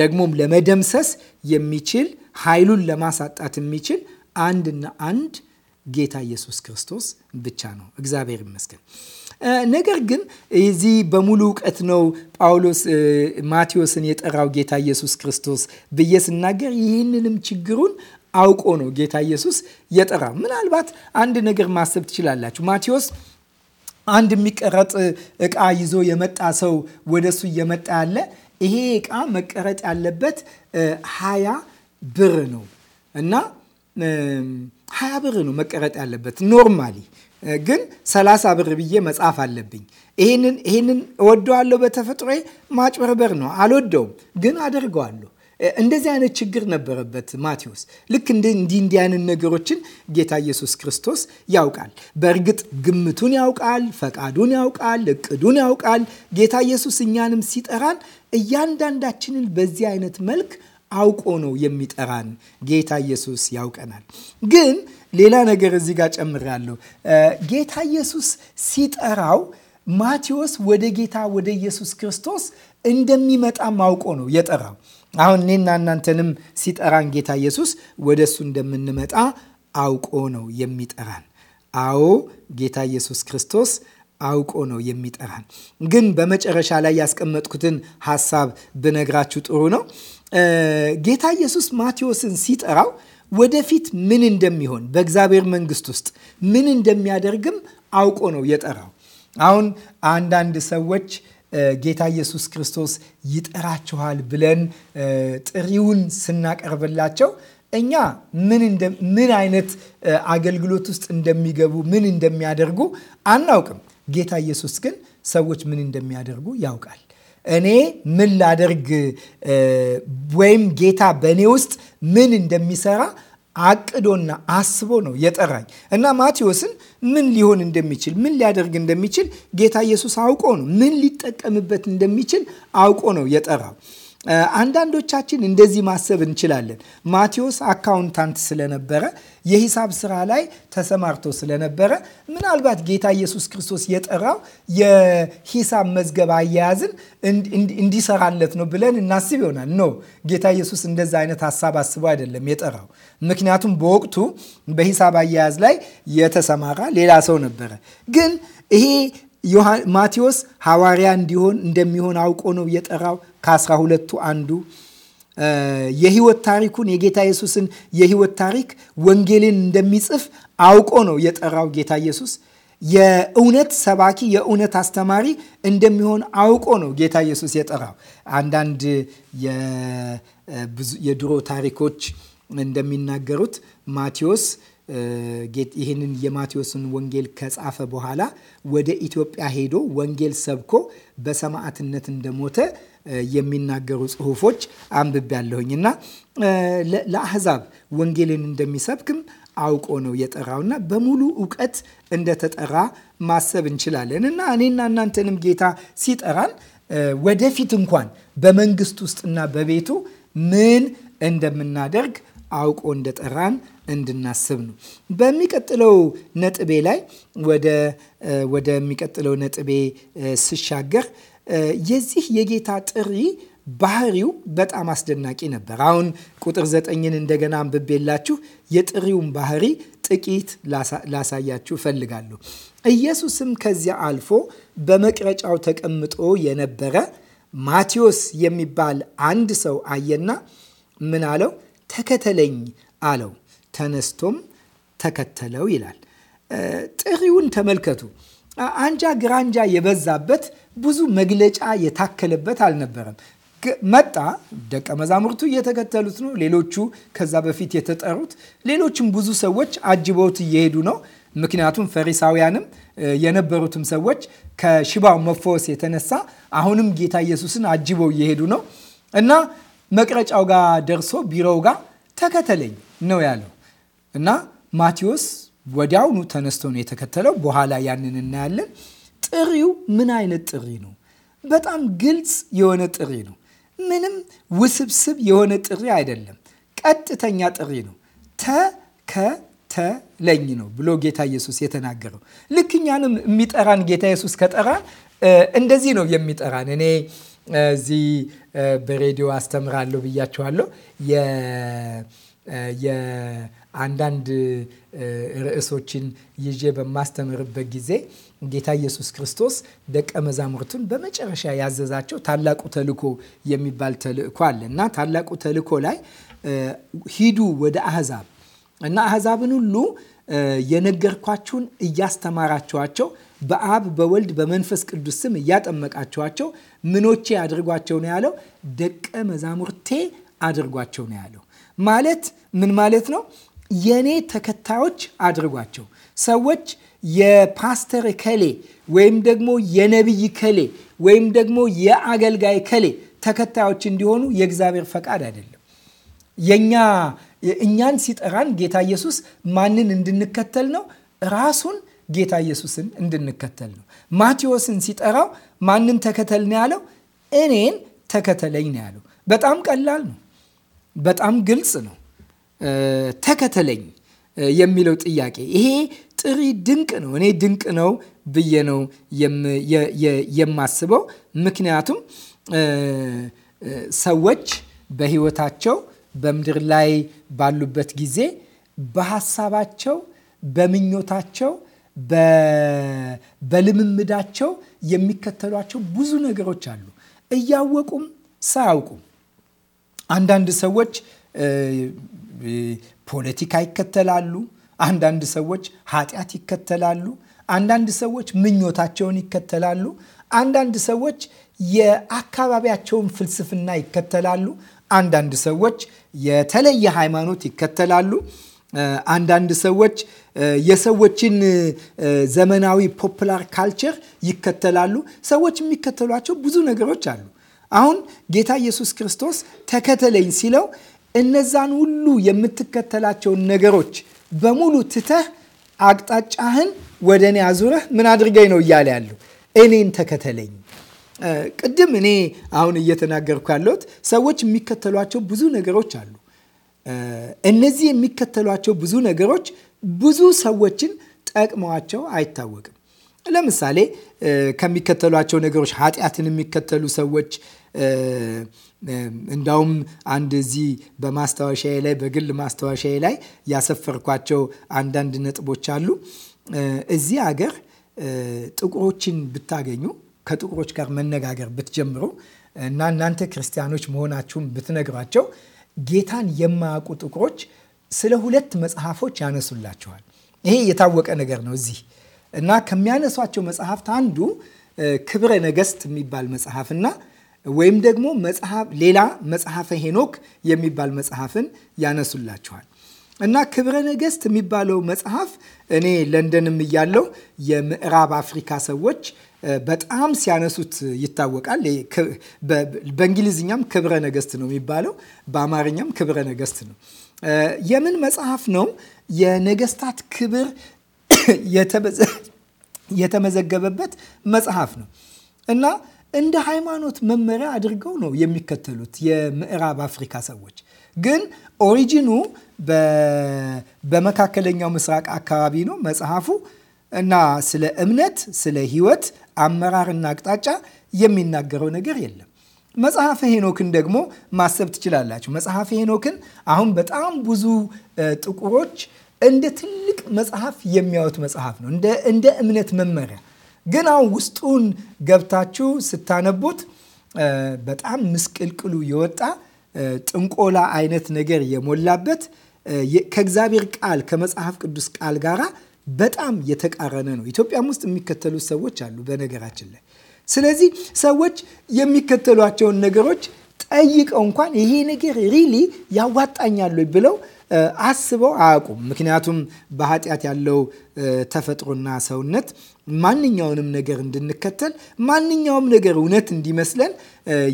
ደግሞም ለመደምሰስ የሚችል ኃይሉን ለማሳጣት የሚችል አንድና አንድ ጌታ ኢየሱስ ክርስቶስ ብቻ ነው። እግዚአብሔር ይመስገን። ነገር ግን እዚህ በሙሉ እውቀት ነው ጳውሎስ ማቴዎስን የጠራው ጌታ ኢየሱስ ክርስቶስ ብዬ ስናገር ይህንንም ችግሩን አውቆ ነው ጌታ ኢየሱስ የጠራው። ምናልባት አንድ ነገር ማሰብ ትችላላችሁ ማቴዎስ አንድ የሚቀረጥ እቃ ይዞ የመጣ ሰው ወደ እሱ እየመጣ ያለ ይሄ እቃ መቀረጥ ያለበት ሀያ ብር ነው እና ሀያ ብር ነው መቀረጥ ያለበት ኖርማሊ ግን ሰላሳ ብር ብዬ መጻፍ አለብኝ። ይህንን እወደዋለሁ። በተፈጥሮ ማጭበርበር ነው፣ አልወደውም፣ ግን አደርገዋለሁ። እንደዚህ አይነት ችግር ነበረበት ማቴዎስ። ልክ እንዲህ አይነት ነገሮችን ጌታ ኢየሱስ ክርስቶስ ያውቃል። በእርግጥ ግምቱን ያውቃል፣ ፈቃዱን ያውቃል፣ እቅዱን ያውቃል። ጌታ ኢየሱስ እኛንም ሲጠራን እያንዳንዳችንን በዚህ አይነት መልክ አውቆ ነው የሚጠራን። ጌታ ኢየሱስ ያውቀናል። ግን ሌላ ነገር እዚህ ጋር ጨምሬያለሁ። ጌታ ኢየሱስ ሲጠራው ማቴዎስ ወደ ጌታ ወደ ኢየሱስ ክርስቶስ እንደሚመጣም አውቆ ነው የጠራው። አሁን እኔና እናንተንም ሲጠራን ጌታ ኢየሱስ ወደ እሱ እንደምንመጣ አውቆ ነው የሚጠራን። አዎ ጌታ ኢየሱስ ክርስቶስ አውቆ ነው የሚጠራን። ግን በመጨረሻ ላይ ያስቀመጥኩትን ሀሳብ ብነግራችሁ ጥሩ ነው። ጌታ ኢየሱስ ማቴዎስን ሲጠራው ወደፊት ምን እንደሚሆን በእግዚአብሔር መንግስት ውስጥ ምን እንደሚያደርግም አውቆ ነው የጠራው። አሁን አንዳንድ ሰዎች ጌታ ኢየሱስ ክርስቶስ ይጠራችኋል ብለን ጥሪውን ስናቀርብላቸው እኛ ምን አይነት አገልግሎት ውስጥ እንደሚገቡ ምን እንደሚያደርጉ አናውቅም። ጌታ ኢየሱስ ግን ሰዎች ምን እንደሚያደርጉ ያውቃል። እኔ ምን ላደርግ ወይም ጌታ በእኔ ውስጥ ምን እንደሚሰራ አቅዶና አስቦ ነው የጠራኝ እና ማቴዎስን ምን ሊሆን እንደሚችል ምን ሊያደርግ እንደሚችል ጌታ ኢየሱስ አውቆ ነው ምን ሊጠቀምበት እንደሚችል አውቆ ነው የጠራው አንዳንዶቻችን እንደዚህ ማሰብ እንችላለን። ማቴዎስ አካውንታንት ስለነበረ የሂሳብ ስራ ላይ ተሰማርቶ ስለነበረ ምናልባት ጌታ ኢየሱስ ክርስቶስ የጠራው የሂሳብ መዝገብ አያያዝን እንዲሰራለት ነው ብለን እናስብ ይሆናል። ኖ ጌታ ኢየሱስ እንደዛ አይነት ሀሳብ አስቦ አይደለም የጠራው። ምክንያቱም በወቅቱ በሂሳብ አያያዝ ላይ የተሰማራ ሌላ ሰው ነበረ። ግን ይሄ ማቴዎስ ሐዋርያ እንዲሆን እንደሚሆን አውቆ ነው የጠራው ከአስራ ሁለቱ አንዱ የህይወት ታሪኩን የጌታ ኢየሱስን የህይወት ታሪክ ወንጌልን እንደሚጽፍ አውቆ ነው የጠራው ጌታ ኢየሱስ የእውነት ሰባኪ የእውነት አስተማሪ እንደሚሆን አውቆ ነው ጌታ ኢየሱስ የጠራው። አንዳንድ የድሮ ታሪኮች እንደሚናገሩት ማቴዎስ ይህንን የማቴዎስን ወንጌል ከጻፈ በኋላ ወደ ኢትዮጵያ ሄዶ ወንጌል ሰብኮ በሰማዕትነት እንደሞተ የሚናገሩ ጽሁፎች አንብቤ ያለሁኝ እና ለአህዛብ ወንጌልን እንደሚሰብክም አውቆ ነው የጠራውና በሙሉ እውቀት እንደተጠራ ማሰብ እንችላለን እና እኔና እናንተንም ጌታ ሲጠራን ወደፊት እንኳን በመንግስት ውስጥና በቤቱ ምን እንደምናደርግ አውቆ እንደጠራን እንድናስብ ነው። በሚቀጥለው ነጥቤ ላይ ወደሚቀጥለው ነጥቤ ስሻገር የዚህ የጌታ ጥሪ ባህሪው በጣም አስደናቂ ነበር። አሁን ቁጥር ዘጠኝን እንደገና አንብቤላችሁ የጥሪውን ባህሪ ጥቂት ላሳያችሁ እፈልጋለሁ። ኢየሱስም ከዚያ አልፎ በመቅረጫው ተቀምጦ የነበረ ማቴዎስ የሚባል አንድ ሰው አየና ምን አለው? ተከተለኝ አለው። ተነስቶም ተከተለው ይላል። ጥሪውን ተመልከቱ። አንጃ ግራንጃ የበዛበት ብዙ መግለጫ የታከለበት አልነበረም። መጣ። ደቀ መዛሙርቱ እየተከተሉት ነው። ሌሎቹ ከዛ በፊት የተጠሩት ሌሎችም ብዙ ሰዎች አጅበውት እየሄዱ ነው። ምክንያቱም ፈሪሳውያንም የነበሩትም ሰዎች ከሽባው መፈወስ የተነሳ አሁንም ጌታ ኢየሱስን አጅበው እየሄዱ ነው እና መቅረጫው ጋር ደርሶ ቢሮው ጋር ተከተለኝ ነው ያለው እና ማቴዎስ ወዲያውኑ ተነስቶ ነው የተከተለው። በኋላ ያንን እናያለን። ጥሪው ምን አይነት ጥሪ ነው? በጣም ግልጽ የሆነ ጥሪ ነው። ምንም ውስብስብ የሆነ ጥሪ አይደለም። ቀጥተኛ ጥሪ ነው። ተከተለኝ ነው ብሎ ጌታ ኢየሱስ የተናገረው። ልክ እኛንም የሚጠራን ጌታ ኢየሱስ ከጠራን እንደዚህ ነው የሚጠራን። እኔ እዚህ በሬዲዮ አስተምራለሁ ብያቸዋለሁ። የአንዳንድ ርዕሶችን ይዤ በማስተምርበት ጊዜ ጌታ ኢየሱስ ክርስቶስ ደቀ መዛሙርቱን በመጨረሻ ያዘዛቸው ታላቁ ተልኮ የሚባል ተልእኮ አለ እና ታላቁ ተልኮ ላይ ሂዱ ወደ አህዛብ እና አህዛብን ሁሉ የነገርኳችሁን እያስተማራችኋቸው በአብ በወልድ በመንፈስ ቅዱስ ስም እያጠመቃችኋቸው ምኖቼ አድርጓቸው ነው ያለው። ደቀ መዛሙርቴ አድርጓቸው ነው ያለው። ማለት ምን ማለት ነው? የኔ ተከታዮች አድርጓቸው ሰዎች የፓስተር ከሌ ወይም ደግሞ የነቢይ ከሌ ወይም ደግሞ የአገልጋይ ከሌ ተከታዮች እንዲሆኑ የእግዚአብሔር ፈቃድ አይደለም። የእኛ እኛን ሲጠራን ጌታ ኢየሱስ ማንን እንድንከተል ነው? ራሱን ጌታ ኢየሱስን እንድንከተል ነው። ማቴዎስን ሲጠራው ማንን ተከተል ነው ያለው? እኔን ተከተለኝ ነው ያለው። በጣም ቀላል ነው። በጣም ግልጽ ነው። ተከተለኝ የሚለው ጥያቄ ይሄ ጥሪ ድንቅ ነው። እኔ ድንቅ ነው ብዬ ነው የማስበው። ምክንያቱም ሰዎች በህይወታቸው በምድር ላይ ባሉበት ጊዜ በሀሳባቸው፣ በምኞታቸው፣ በልምምዳቸው የሚከተሏቸው ብዙ ነገሮች አሉ እያወቁም ሳያውቁም አንዳንድ ሰዎች ፖለቲካ ይከተላሉ። አንዳንድ ሰዎች ኃጢአት ይከተላሉ። አንዳንድ ሰዎች ምኞታቸውን ይከተላሉ። አንዳንድ ሰዎች የአካባቢያቸውን ፍልስፍና ይከተላሉ። አንዳንድ ሰዎች የተለየ ሃይማኖት ይከተላሉ። አንዳንድ ሰዎች የሰዎችን ዘመናዊ ፖፑላር ካልቸር ይከተላሉ። ሰዎች የሚከተሏቸው ብዙ ነገሮች አሉ። አሁን ጌታ ኢየሱስ ክርስቶስ ተከተለኝ ሲለው እነዛን ሁሉ የምትከተላቸውን ነገሮች በሙሉ ትተህ አቅጣጫህን ወደ እኔ አዙረህ ምን አድርገኝ ነው እያለ ያሉ እኔን ተከተለኝ። ቅድም እኔ አሁን እየተናገርኩ ያለሁት ሰዎች የሚከተሏቸው ብዙ ነገሮች አሉ። እነዚህ የሚከተሏቸው ብዙ ነገሮች ብዙ ሰዎችን ጠቅመዋቸው አይታወቅም። ለምሳሌ ከሚከተሏቸው ነገሮች ኃጢአትን የሚከተሉ ሰዎች እንዳውም አንድ እዚህ በማስታወሻዬ ላይ በግል ማስታወሻዬ ላይ ያሰፈርኳቸው አንዳንድ ነጥቦች አሉ። እዚህ አገር ጥቁሮችን ብታገኙ ከጥቁሮች ጋር መነጋገር ብትጀምሩ እና እናንተ ክርስቲያኖች መሆናችሁን ብትነግሯቸው ጌታን የማያውቁ ጥቁሮች ስለ ሁለት መጽሐፎች ያነሱላችኋል። ይሄ የታወቀ ነገር ነው እዚህ እና ከሚያነሷቸው መጽሐፍት አንዱ ክብረ ነገስት የሚባል መጽሐፍና ወይም ደግሞ መጽሐፍ ሌላ መጽሐፈ ሄኖክ የሚባል መጽሐፍን ያነሱላችኋል። እና ክብረ ነገስት የሚባለው መጽሐፍ እኔ ለንደንም እያለው የምዕራብ አፍሪካ ሰዎች በጣም ሲያነሱት ይታወቃል። በእንግሊዝኛም ክብረ ነገስት ነው የሚባለው፣ በአማርኛም ክብረ ነገስት ነው። የምን መጽሐፍ ነው? የነገስታት ክብር የተመዘገበበት መጽሐፍ ነው እና እንደ ሃይማኖት መመሪያ አድርገው ነው የሚከተሉት የምዕራብ አፍሪካ ሰዎች። ግን ኦሪጂኑ በመካከለኛው ምስራቅ አካባቢ ነው መጽሐፉ እና ስለ እምነት፣ ስለ ህይወት አመራርና አቅጣጫ የሚናገረው ነገር የለም። መጽሐፈ ሄኖክን ደግሞ ማሰብ ትችላላችሁ። መጽሐፈ ሄኖክን አሁን በጣም ብዙ ጥቁሮች እንደ ትልቅ መጽሐፍ የሚያዩት መጽሐፍ ነው፣ እንደ እምነት መመሪያ ግን አሁን ውስጡን ገብታችሁ ስታነቡት በጣም ምስቅልቅሉ የወጣ ጥንቆላ አይነት ነገር የሞላበት ከእግዚአብሔር ቃል ከመጽሐፍ ቅዱስ ቃል ጋራ በጣም የተቃረነ ነው። ኢትዮጵያም ውስጥ የሚከተሉ ሰዎች አሉ በነገራችን ላይ። ስለዚህ ሰዎች የሚከተሏቸውን ነገሮች ጠይቀው እንኳን ይሄ ነገር ሪሊ ያዋጣኛሉ ብለው አስበው አያውቁም። ምክንያቱም በኃጢአት ያለው ተፈጥሮና ሰውነት ማንኛውንም ነገር እንድንከተል ማንኛውም ነገር እውነት እንዲመስለን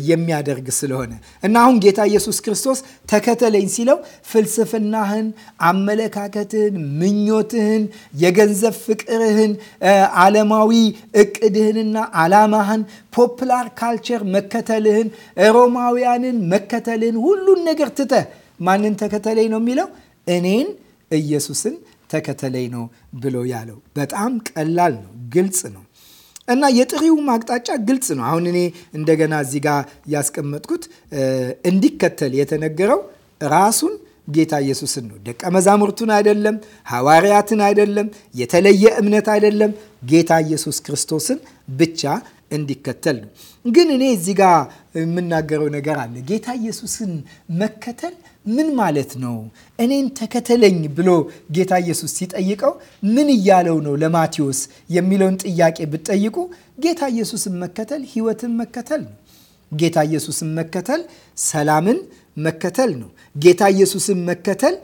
የሚያደርግ ስለሆነ እና አሁን ጌታ ኢየሱስ ክርስቶስ ተከተለኝ ሲለው ፍልስፍናህን፣ አመለካከትህን፣ ምኞትህን፣ የገንዘብ ፍቅርህን፣ ዓለማዊ እቅድህንና ዓላማህን፣ ፖፕላር ካልቸር መከተልህን፣ ሮማውያንን መከተልህን ሁሉን ነገር ትተህ ማንን ተከተለኝ ነው የሚለው? እኔን ኢየሱስን ተከተለኝ ነው ብሎ ያለው በጣም ቀላል ነው፣ ግልጽ ነው እና የጥሪው አቅጣጫ ግልጽ ነው። አሁን እኔ እንደገና እዚህ ጋር ያስቀመጥኩት እንዲከተል የተነገረው ራሱን ጌታ ኢየሱስን ነው። ደቀ መዛሙርቱን አይደለም፣ ሐዋርያትን አይደለም፣ የተለየ እምነት አይደለም። ጌታ ኢየሱስ ክርስቶስን ብቻ እንዲከተል ነው። ግን እኔ እዚህ ጋር የምናገረው ነገር አለ። ጌታ ኢየሱስን መከተል ምን ማለት ነው? እኔን ተከተለኝ ብሎ ጌታ ኢየሱስ ሲጠይቀው ምን እያለው ነው ለማቴዎስ የሚለውን ጥያቄ ብትጠይቁ ጌታ ኢየሱስን መከተል ህይወትን መከተል ነው። ጌታ ኢየሱስን መከተል ሰላምን መከተል ነው። ጌታ ኢየሱስን መከተል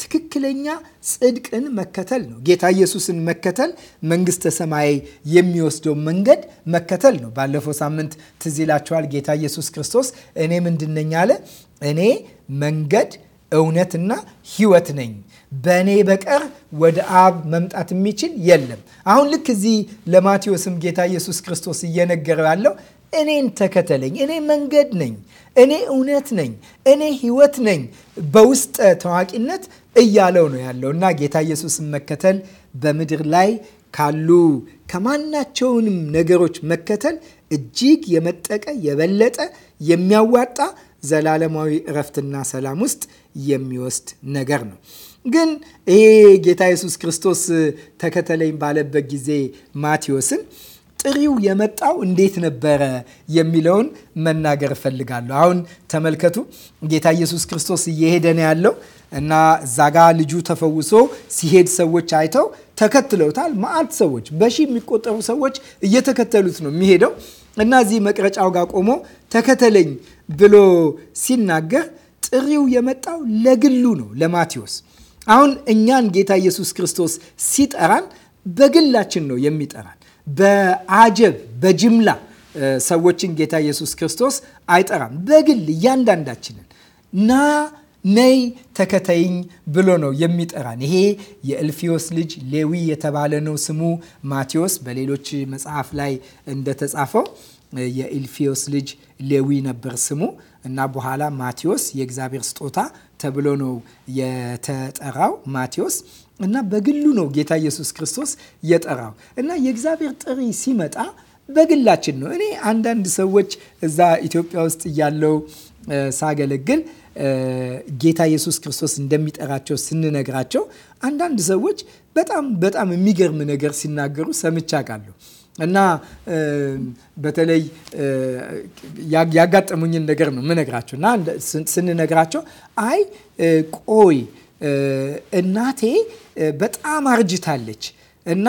ትክክለኛ ጽድቅን መከተል ነው። ጌታ ኢየሱስን መከተል መንግስተ ሰማይ የሚወስደው መንገድ መከተል ነው። ባለፈው ሳምንት ትዝ ይላችኋል። ጌታ ኢየሱስ ክርስቶስ እኔ ምንድነኛ አለ። እኔ መንገድ፣ እውነትና ህይወት ነኝ በእኔ በቀር ወደ አብ መምጣት የሚችል የለም። አሁን ልክ እዚህ ለማቴዎስም ጌታ ኢየሱስ ክርስቶስ እየነገረው ያለው እኔን ተከተለኝ፣ እኔ መንገድ ነኝ፣ እኔ እውነት ነኝ፣ እኔ ህይወት ነኝ በውስጥ ታዋቂነት እያለው ነው ያለው እና ጌታ ኢየሱስን መከተል በምድር ላይ ካሉ ከማናቸውንም ነገሮች መከተል እጅግ የመጠቀ የበለጠ የሚያዋጣ ዘላለማዊ እረፍትና ሰላም ውስጥ የሚወስድ ነገር ነው። ግን ይሄ ጌታ ኢየሱስ ክርስቶስ ተከተለኝ ባለበት ጊዜ ማቴዎስን ጥሪው የመጣው እንዴት ነበረ የሚለውን መናገር እፈልጋለሁ። አሁን ተመልከቱ። ጌታ ኢየሱስ ክርስቶስ እየሄደ ነው ያለው እና እዛ ጋ ልጁ ተፈውሶ ሲሄድ ሰዎች አይተው ተከትለውታል። መዓት ሰዎች፣ በሺ የሚቆጠሩ ሰዎች እየተከተሉት ነው የሚሄደው እና እዚህ መቅረጫው ጋር ቆሞ ተከተለኝ ብሎ ሲናገር ጥሪው የመጣው ለግሉ ነው፣ ለማቴዎስ። አሁን እኛን ጌታ ኢየሱስ ክርስቶስ ሲጠራን በግላችን ነው የሚጠራን። በአጀብ በጅምላ ሰዎችን ጌታ ኢየሱስ ክርስቶስ አይጠራም። በግል እያንዳንዳችንን ና ነይ ተከተይኝ ብሎ ነው የሚጠራን። ይሄ የእልፊዮስ ልጅ ሌዊ የተባለ ነው ስሙ ማቴዎስ። በሌሎች መጽሐፍ ላይ እንደተጻፈው የኢልፊዮስ ልጅ ሌዊ ነበር ስሙ እና በኋላ ማቴዎስ የእግዚአብሔር ስጦታ ተብሎ ነው የተጠራው ማቴዎስ እና በግሉ ነው ጌታ ኢየሱስ ክርስቶስ የጠራው እና የእግዚአብሔር ጥሪ ሲመጣ በግላችን ነው። እኔ አንዳንድ ሰዎች እዛ ኢትዮጵያ ውስጥ እያለው ሳገለግል ጌታ ኢየሱስ ክርስቶስ እንደሚጠራቸው ስንነግራቸው አንዳንድ ሰዎች በጣም በጣም የሚገርም ነገር ሲናገሩ ሰምቻለሁ። እና በተለይ ያጋጠሙኝን ነገር ነው የምነግራቸው እና ስንነግራቸው አይ ቆይ እናቴ በጣም አርጅታለች እና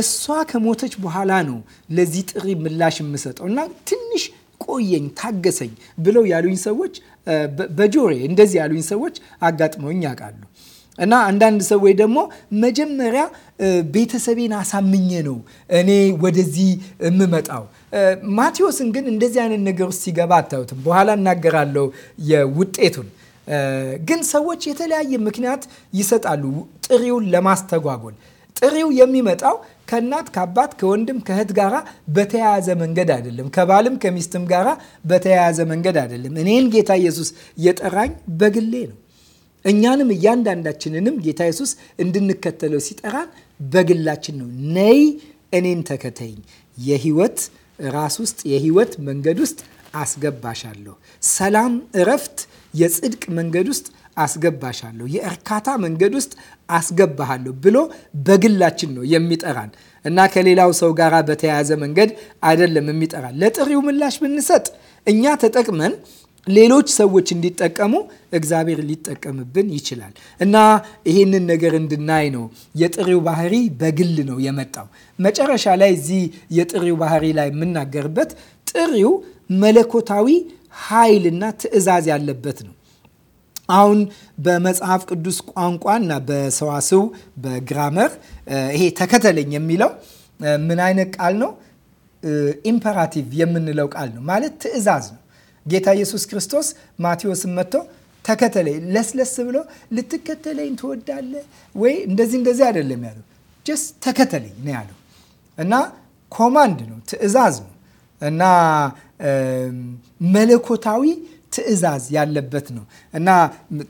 እሷ ከሞተች በኋላ ነው ለዚህ ጥሪ ምላሽ የምሰጠው እና ትንሽ ቆየኝ ታገሰኝ ብለው ያሉኝ ሰዎች በጆሬ እንደዚህ ያሉኝ ሰዎች አጋጥመውኝ ያውቃሉ። እና አንዳንድ ሰዎች ደግሞ መጀመሪያ ቤተሰቤን አሳምኜ ነው እኔ ወደዚህ የምመጣው። ማቴዎስን ግን እንደዚህ አይነት ነገር ውስጥ ሲገባ አታዩትም። በኋላ እናገራለሁ የውጤቱን። ግን ሰዎች የተለያየ ምክንያት ይሰጣሉ ጥሪውን ለማስተጓጎል ጥሪው የሚመጣው ከእናት ከአባት ከወንድም ከእህት ጋራ በተያያዘ መንገድ አይደለም። ከባልም ከሚስትም ጋራ በተያያዘ መንገድ አይደለም። እኔን ጌታ ኢየሱስ የጠራኝ በግሌ ነው። እኛንም እያንዳንዳችንንም ጌታ ኢየሱስ እንድንከተለው ሲጠራን በግላችን ነው። ነይ እኔን ተከተይኝ፣ የህይወት ራስ ውስጥ የህይወት መንገድ ውስጥ አስገባሻለሁ፣ ሰላም፣ እረፍት፣ የጽድቅ መንገድ ውስጥ አስገባሻለሁ፣ የእርካታ መንገድ ውስጥ አስገባሃለሁ ብሎ በግላችን ነው የሚጠራን እና ከሌላው ሰው ጋር በተያያዘ መንገድ አይደለም የሚጠራን። ለጥሪው ምላሽ ብንሰጥ እኛ ተጠቅመን ሌሎች ሰዎች እንዲጠቀሙ እግዚአብሔር ሊጠቀምብን ይችላል እና ይህንን ነገር እንድናይ ነው። የጥሪው ባህሪ በግል ነው የመጣው። መጨረሻ ላይ እዚህ የጥሪው ባህሪ ላይ የምናገርበት ጥሪው መለኮታዊ ኃይልና ትዕዛዝ ያለበት ነው። አሁን በመጽሐፍ ቅዱስ ቋንቋና በሰዋስው በግራመር ይሄ ተከተለኝ የሚለው ምን አይነት ቃል ነው? ኢምፐራቲቭ የምንለው ቃል ነው። ማለት ትዕዛዝ ነው። ጌታ ኢየሱስ ክርስቶስ ማቴዎስን መጥቶ ተከተለኝ፣ ለስለስ ብሎ ልትከተለኝ ትወዳለህ ወይ እንደዚህ እንደዚህ አይደለም ያለው፣ ጀስ ተከተለኝ ነው ያለው እና ኮማንድ ነው፣ ትዕዛዝ ነው እና መለኮታዊ ትዕዛዝ ያለበት ነው እና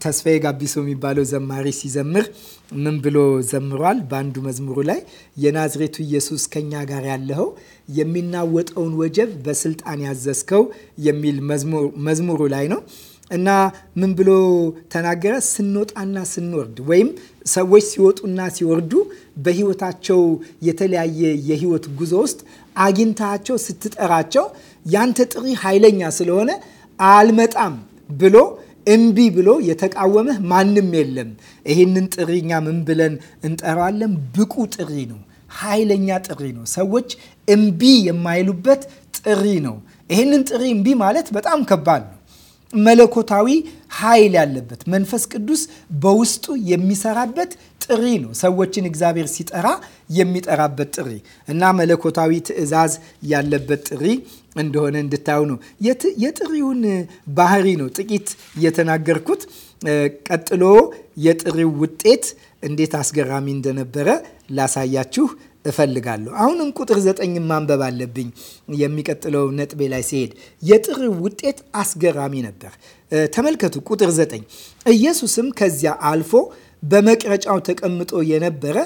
ተስፋዬ ጋቢሶ የሚባለው ዘማሪ ሲዘምር ምን ብሎ ዘምሯል? በአንዱ መዝሙሩ ላይ የናዝሬቱ ኢየሱስ ከኛ ጋር ያለኸው የሚናወጠውን ወጀብ በስልጣን ያዘዝከው የሚል መዝሙሩ ላይ ነው እና ምን ብሎ ተናገረ? ስንወጣና ስንወርድ ወይም ሰዎች ሲወጡና ሲወርዱ በህይወታቸው የተለያየ የህይወት ጉዞ ውስጥ አግኝታቸው ስትጠራቸው ያንተ ጥሪ ኃይለኛ ስለሆነ አልመጣም ብሎ እምቢ ብሎ የተቃወመህ ማንም የለም። ይህንን ጥሪ እኛ ምን ብለን እንጠራለን? ብቁ ጥሪ ነው። ኃይለኛ ጥሪ ነው። ሰዎች እምቢ የማይሉበት ጥሪ ነው። ይህንን ጥሪ እምቢ ማለት በጣም ከባድ ነው። መለኮታዊ ኃይል ያለበት መንፈስ ቅዱስ በውስጡ የሚሰራበት ጥሪ ነው። ሰዎችን እግዚአብሔር ሲጠራ የሚጠራበት ጥሪ እና መለኮታዊ ትእዛዝ ያለበት ጥሪ እንደሆነ እንድታዩ ነው። የጥሪውን ባህሪ ነው ጥቂት እየተናገርኩት ቀጥሎ የጥሪው ውጤት እንዴት አስገራሚ እንደነበረ ላሳያችሁ እፈልጋለሁ። አሁንም ቁጥር ዘጠኝ ማንበብ አለብኝ። የሚቀጥለው ነጥቤ ላይ ሲሄድ የጥሪው ውጤት አስገራሚ ነበር። ተመልከቱ ቁጥር ዘጠኝ ኢየሱስም ከዚያ አልፎ በመቅረጫው ተቀምጦ የነበረ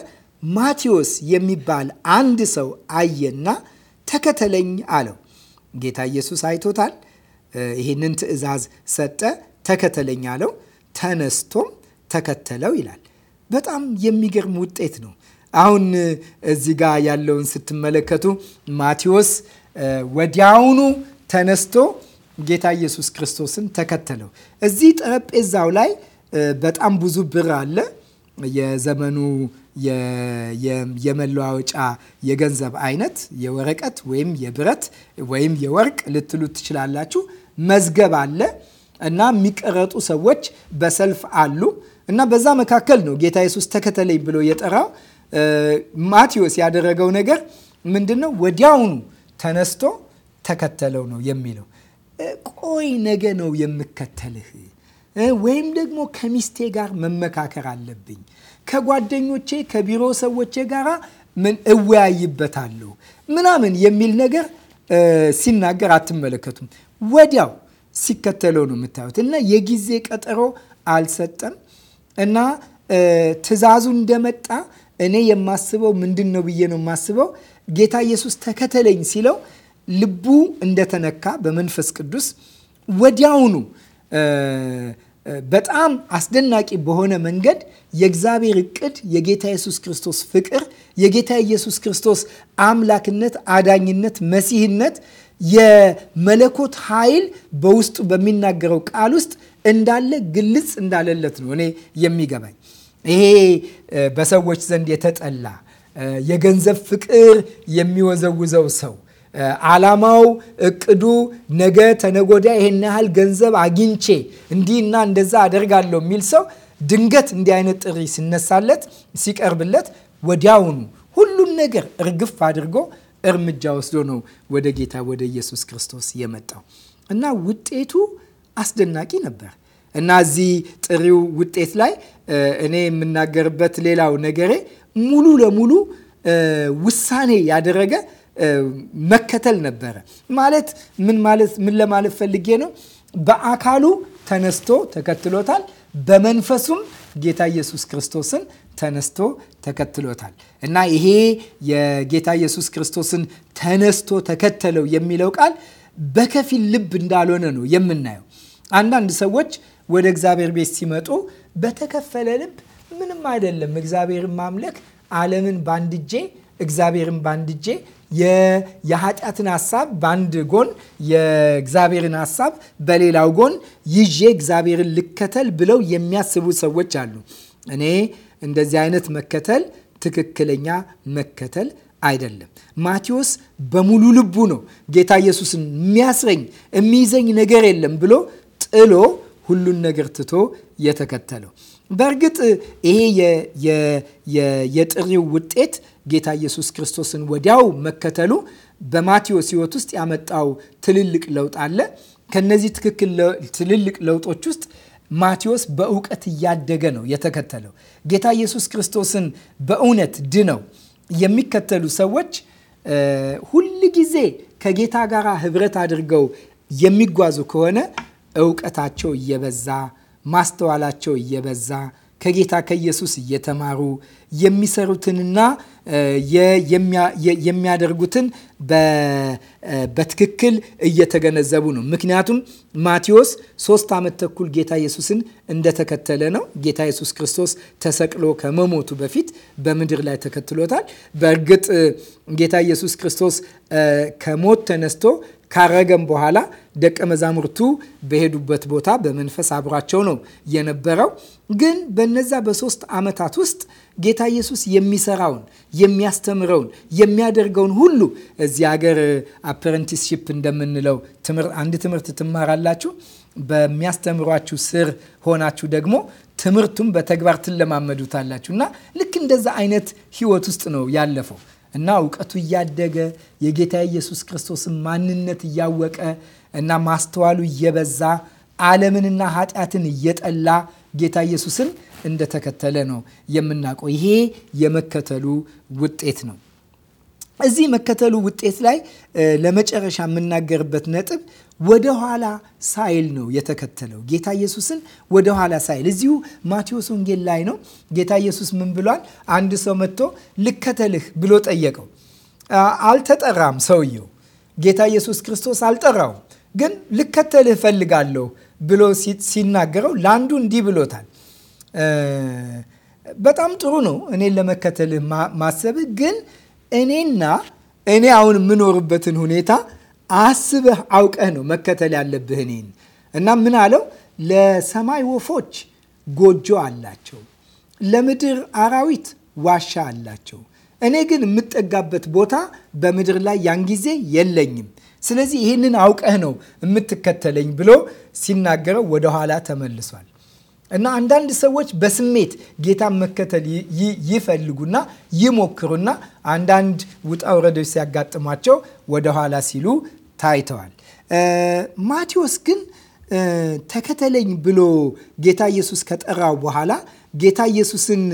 ማቴዎስ የሚባል አንድ ሰው አየና ተከተለኝ አለው። ጌታ ኢየሱስ አይቶታል። ይህንን ትእዛዝ ሰጠ፣ ተከተለኝ አለው። ተነስቶም ተከተለው ይላል። በጣም የሚገርም ውጤት ነው። አሁን እዚህ ጋር ያለውን ስትመለከቱ ማቴዎስ ወዲያውኑ ተነስቶ ጌታ ኢየሱስ ክርስቶስን ተከተለው። እዚህ ጠረጴዛው ላይ በጣም ብዙ ብር አለ። የዘመኑ የመለዋወጫ የገንዘብ አይነት የወረቀት ወይም የብረት ወይም የወርቅ ልትሉ ትችላላችሁ። መዝገብ አለ እና የሚቀረጡ ሰዎች በሰልፍ አሉ እና በዛ መካከል ነው ጌታ ኢየሱስ ተከተለኝ ብሎ የጠራው። ማቴዎስ ያደረገው ነገር ምንድን ነው? ወዲያውኑ ተነስቶ ተከተለው ነው የሚለው። ቆይ ነገ ነው የምከተልህ ወይም ደግሞ ከሚስቴ ጋር መመካከር አለብኝ። ከጓደኞቼ ከቢሮ ሰዎቼ ጋር ምን እወያይበታለሁ ምናምን የሚል ነገር ሲናገር አትመለከቱም። ወዲያው ሲከተለው ነው የምታዩት። እና የጊዜ ቀጠሮ አልሰጠም እና ትዕዛዙ እንደመጣ እኔ የማስበው ምንድን ነው ብዬ ነው የማስበው። ጌታ ኢየሱስ ተከተለኝ ሲለው ልቡ እንደተነካ በመንፈስ ቅዱስ ወዲያውኑ በጣም አስደናቂ በሆነ መንገድ የእግዚአብሔር እቅድ፣ የጌታ ኢየሱስ ክርስቶስ ፍቅር፣ የጌታ ኢየሱስ ክርስቶስ አምላክነት፣ አዳኝነት፣ መሲህነት፣ የመለኮት ኃይል በውስጡ በሚናገረው ቃል ውስጥ እንዳለ ግልጽ እንዳለለት ነው እኔ የሚገባኝ። ይሄ በሰዎች ዘንድ የተጠላ የገንዘብ ፍቅር የሚወዘውዘው ሰው አላማው እቅዱ ነገ ተነጎዳ ይሄን ያህል ገንዘብ አግኝቼ እንዲህና እንደዛ አደርጋለሁ የሚል ሰው ድንገት እንዲህ አይነት ጥሪ ሲነሳለት ሲቀርብለት ወዲያውኑ ሁሉን ነገር እርግፍ አድርጎ እርምጃ ወስዶ ነው ወደ ጌታ ወደ ኢየሱስ ክርስቶስ የመጣው እና ውጤቱ አስደናቂ ነበር። እና እዚህ ጥሪው ውጤት ላይ እኔ የምናገርበት ሌላው ነገሬ ሙሉ ለሙሉ ውሳኔ ያደረገ መከተል ነበረ። ማለት ምን ማለት ምን ለማለት ፈልጌ ነው? በአካሉ ተነስቶ ተከትሎታል። በመንፈሱም ጌታ ኢየሱስ ክርስቶስን ተነስቶ ተከትሎታል እና ይሄ የጌታ ኢየሱስ ክርስቶስን ተነስቶ ተከተለው የሚለው ቃል በከፊል ልብ እንዳልሆነ ነው የምናየው። አንዳንድ ሰዎች ወደ እግዚአብሔር ቤት ሲመጡ በተከፈለ ልብ ምንም አይደለም፣ እግዚአብሔርን ማምለክ ዓለምን በአንድ እጄ እግዚአብሔርን በአንድ እጄ የኃጢአትን ሀሳብ በአንድ ጎን የእግዚአብሔርን ሀሳብ በሌላው ጎን ይዤ እግዚአብሔርን ልከተል ብለው የሚያስቡ ሰዎች አሉ። እኔ እንደዚህ አይነት መከተል ትክክለኛ መከተል አይደለም። ማቴዎስ በሙሉ ልቡ ነው ጌታ ኢየሱስን የሚያስረኝ የሚይዘኝ ነገር የለም ብሎ ጥሎ ሁሉን ነገር ትቶ የተከተለው በእርግጥ ይሄ የጥሪው ውጤት ጌታ ኢየሱስ ክርስቶስን ወዲያው መከተሉ በማቴዎስ ሕይወት ውስጥ ያመጣው ትልልቅ ለውጥ አለ። ከነዚህ ትልልቅ ለውጦች ውስጥ ማቴዎስ በእውቀት እያደገ ነው የተከተለው። ጌታ ኢየሱስ ክርስቶስን በእውነት ድነው የሚከተሉ ሰዎች ሁል ጊዜ ከጌታ ጋር ህብረት አድርገው የሚጓዙ ከሆነ እውቀታቸው እየበዛ ማስተዋላቸው እየበዛ ከጌታ ከኢየሱስ እየተማሩ የሚሰሩትንና የሚያደርጉትን በትክክል እየተገነዘቡ ነው። ምክንያቱም ማቴዎስ ሶስት ዓመት ተኩል ጌታ ኢየሱስን እንደተከተለ ነው። ጌታ ኢየሱስ ክርስቶስ ተሰቅሎ ከመሞቱ በፊት በምድር ላይ ተከትሎታል። በእርግጥ ጌታ ኢየሱስ ክርስቶስ ከሞት ተነስቶ ካረገም በኋላ ደቀ መዛሙርቱ በሄዱበት ቦታ በመንፈስ አብሯቸው ነው የነበረው። ግን በነዛ በሶስት ዓመታት ውስጥ ጌታ ኢየሱስ የሚሰራውን የሚያስተምረውን የሚያደርገውን ሁሉ እዚህ ሀገር አፕረንቲስሺፕ እንደምንለው አንድ ትምህርት ትማራላችሁ። በሚያስተምሯችሁ ስር ሆናችሁ ደግሞ ትምህርቱን በተግባር ትለማመዱታላችሁ እና ልክ እንደዛ አይነት ህይወት ውስጥ ነው ያለፈው እና እውቀቱ እያደገ የጌታ ኢየሱስ ክርስቶስን ማንነት እያወቀ እና ማስተዋሉ እየበዛ ዓለምንና ኃጢአትን እየጠላ ጌታ ኢየሱስን እንደተከተለ ነው የምናውቀው። ይሄ የመከተሉ ውጤት ነው። እዚህ መከተሉ ውጤት ላይ ለመጨረሻ የምናገርበት ነጥብ ወደ ኋላ ሳይል ነው የተከተለው። ጌታ ኢየሱስን ኋላ ሳይል እዚሁ ማቴዎስ ወንጌል ላይ ነው። ጌታ ኢየሱስ ምን ብሏል? አንድ ሰው መጥቶ ልከተልህ ብሎ ጠየቀው። አልተጠራም። ሰውየው ጌታ ኢየሱስ ክርስቶስ አልጠራውም። ግን ልከተልህ እፈልጋለሁ ብሎ ሲናገረው ለአንዱ እንዲህ ብሎታል። በጣም ጥሩ ነው እኔን ለመከተልህ ማሰብህ፣ ግን እኔና እኔ አሁን የምኖርበትን ሁኔታ አስበህ አውቀህ ነው መከተል ያለብህ እኔን። እና ምን አለው? ለሰማይ ወፎች ጎጆ አላቸው፣ ለምድር አራዊት ዋሻ አላቸው። እኔ ግን የምጠጋበት ቦታ በምድር ላይ ያን ጊዜ የለኝም። ስለዚህ ይህንን አውቀህ ነው የምትከተለኝ ብሎ ሲናገረው ወደኋላ ተመልሷል። እና አንዳንድ ሰዎች በስሜት ጌታን መከተል ይፈልጉና ይሞክሩና አንዳንድ ውጣ ውረዶች ሲያጋጥሟቸው ወደኋላ ሲሉ ታይተዋል። ማቴዎስ ግን ተከተለኝ ብሎ ጌታ ኢየሱስ ከጠራው በኋላ ጌታ ኢየሱስን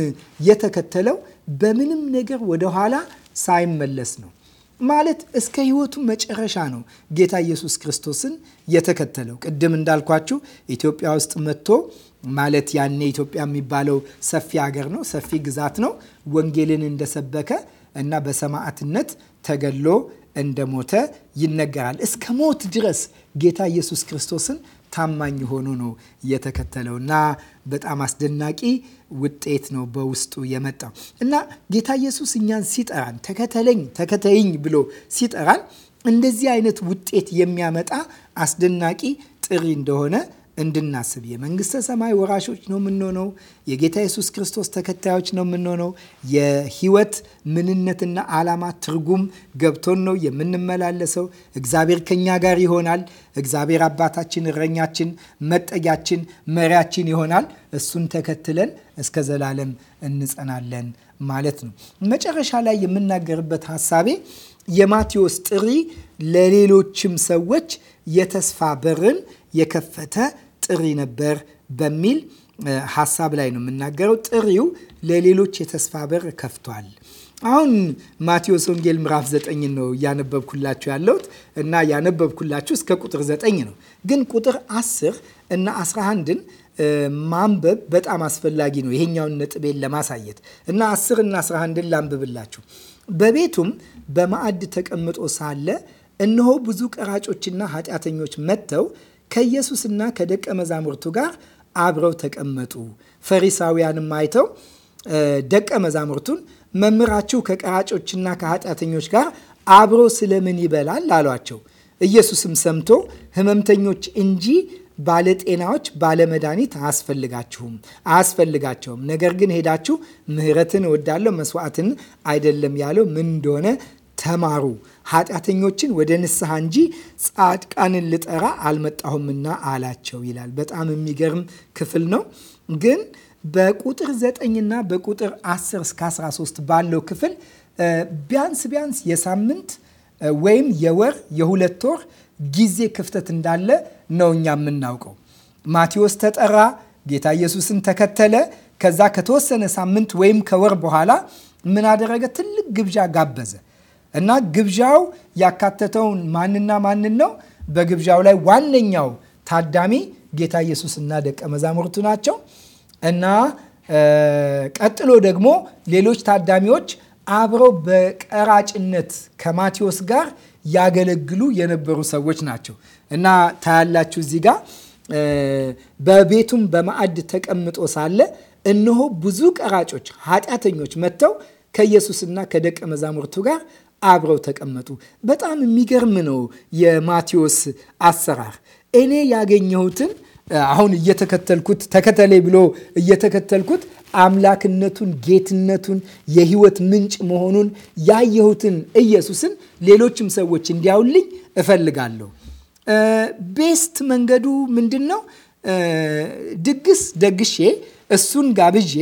የተከተለው በምንም ነገር ወደኋላ ሳይመለስ ነው። ማለት እስከ ህይወቱ መጨረሻ ነው ጌታ ኢየሱስ ክርስቶስን የተከተለው። ቅድም እንዳልኳችሁ ኢትዮጵያ ውስጥ መጥቶ ማለት ያኔ ኢትዮጵያ የሚባለው ሰፊ ሀገር ነው፣ ሰፊ ግዛት ነው። ወንጌልን እንደሰበከ እና በሰማዕትነት ተገሎ እንደሞተ ይነገራል። እስከ ሞት ድረስ ጌታ ኢየሱስ ክርስቶስን ታማኝ ሆኖ ነው የተከተለው እና በጣም አስደናቂ ውጤት ነው በውስጡ የመጣው እና ጌታ ኢየሱስ እኛን ሲጠራን ተከተለኝ ተከተይኝ ብሎ ሲጠራን እንደዚህ አይነት ውጤት የሚያመጣ አስደናቂ ጥሪ እንደሆነ እንድናስብ የመንግስተ ሰማይ ወራሾች ነው የምንሆነው። የጌታ ኢየሱስ ክርስቶስ ተከታዮች ነው የምንሆነው። የህይወት ምንነትና ዓላማ ትርጉም ገብቶን ነው የምንመላለሰው። እግዚአብሔር ከኛ ጋር ይሆናል። እግዚአብሔር አባታችን፣ እረኛችን፣ መጠጊያችን፣ መሪያችን ይሆናል። እሱን ተከትለን እስከ ዘላለም እንጸናለን ማለት ነው። መጨረሻ ላይ የምናገርበት ሀሳቤ የማቴዎስ ጥሪ ለሌሎችም ሰዎች የተስፋ በርን የከፈተ ጥሪ ነበር በሚል ሀሳብ ላይ ነው የምናገረው። ጥሪው ለሌሎች የተስፋ በር ከፍቷል። አሁን ማቴዎስ ወንጌል ምዕራፍ ዘጠኝን ነው እያነበብኩላችሁ ያለሁት እና ያነበብኩላችሁ እስከ ቁጥር ዘጠኝ ነው። ግን ቁጥር አስር እና አስራ አንድን ማንበብ በጣም አስፈላጊ ነው ይሄኛውን ነጥቤን ለማሳየት እና አስር እና አስራ አንድን ላንብብላችሁ። በቤቱም በማዕድ ተቀምጦ ሳለ እነሆ ብዙ ቀራጮችና ኃጢአተኞች መጥተው ከኢየሱስና ከደቀ መዛሙርቱ ጋር አብረው ተቀመጡ። ፈሪሳውያንም አይተው ደቀ መዛሙርቱን መምህራችሁ ከቀራጮችና ከኃጢአተኞች ጋር አብሮ ስለምን ይበላል አሏቸው። ኢየሱስም ሰምቶ ህመምተኞች እንጂ ባለጤናዎች ባለመድኃኒት አያስፈልጋችሁም አያስፈልጋቸውም። ነገር ግን ሄዳችሁ ምህረትን እወዳለሁ መስዋዕትን አይደለም ያለው ምን እንደሆነ ተማሩ ኃጢአተኞችን ወደ ንስሐ እንጂ ጻድቃንን ልጠራ አልመጣሁምና አላቸው ይላል። በጣም የሚገርም ክፍል ነው ግን በቁጥር 9 በቁጥር 10 እስከ 13 ባለው ክፍል ቢያንስ ቢያንስ የሳምንት ወይም የወር የሁለት ወር ጊዜ ክፍተት እንዳለ ነው እኛ የምናውቀው። ማቴዎስ ተጠራ፣ ጌታ ኢየሱስን ተከተለ። ከዛ ከተወሰነ ሳምንት ወይም ከወር በኋላ ምን አደረገ? ትልቅ ግብዣ ጋበዘ። እና ግብዣው ያካተተውን ማንና ማንን ነው? በግብዣው ላይ ዋነኛው ታዳሚ ጌታ እና ደቀ መዛሙርቱ ናቸው። እና ቀጥሎ ደግሞ ሌሎች ታዳሚዎች አብረው በቀራጭነት ከማቴዎስ ጋር ያገለግሉ የነበሩ ሰዎች ናቸው። እና ታያላችሁ እዚህ ጋር በቤቱም በማዕድ ተቀምጦ ሳለ እነሆ ብዙ ቀራጮች፣ ኃጢአተኞች መጥተው ከኢየሱስና ከደቀ መዛሙርቱ ጋር አብረው ተቀመጡ። በጣም የሚገርም ነው የማቴዎስ አሰራር። እኔ ያገኘሁትን አሁን እየተከተልኩት ተከተሌ ብሎ እየተከተልኩት አምላክነቱን፣ ጌትነቱን፣ የህይወት ምንጭ መሆኑን ያየሁትን ኢየሱስን ሌሎችም ሰዎች እንዲያውልኝ እፈልጋለሁ። ቤስት መንገዱ ምንድን ነው? ድግስ ደግሼ እሱን ጋብዤ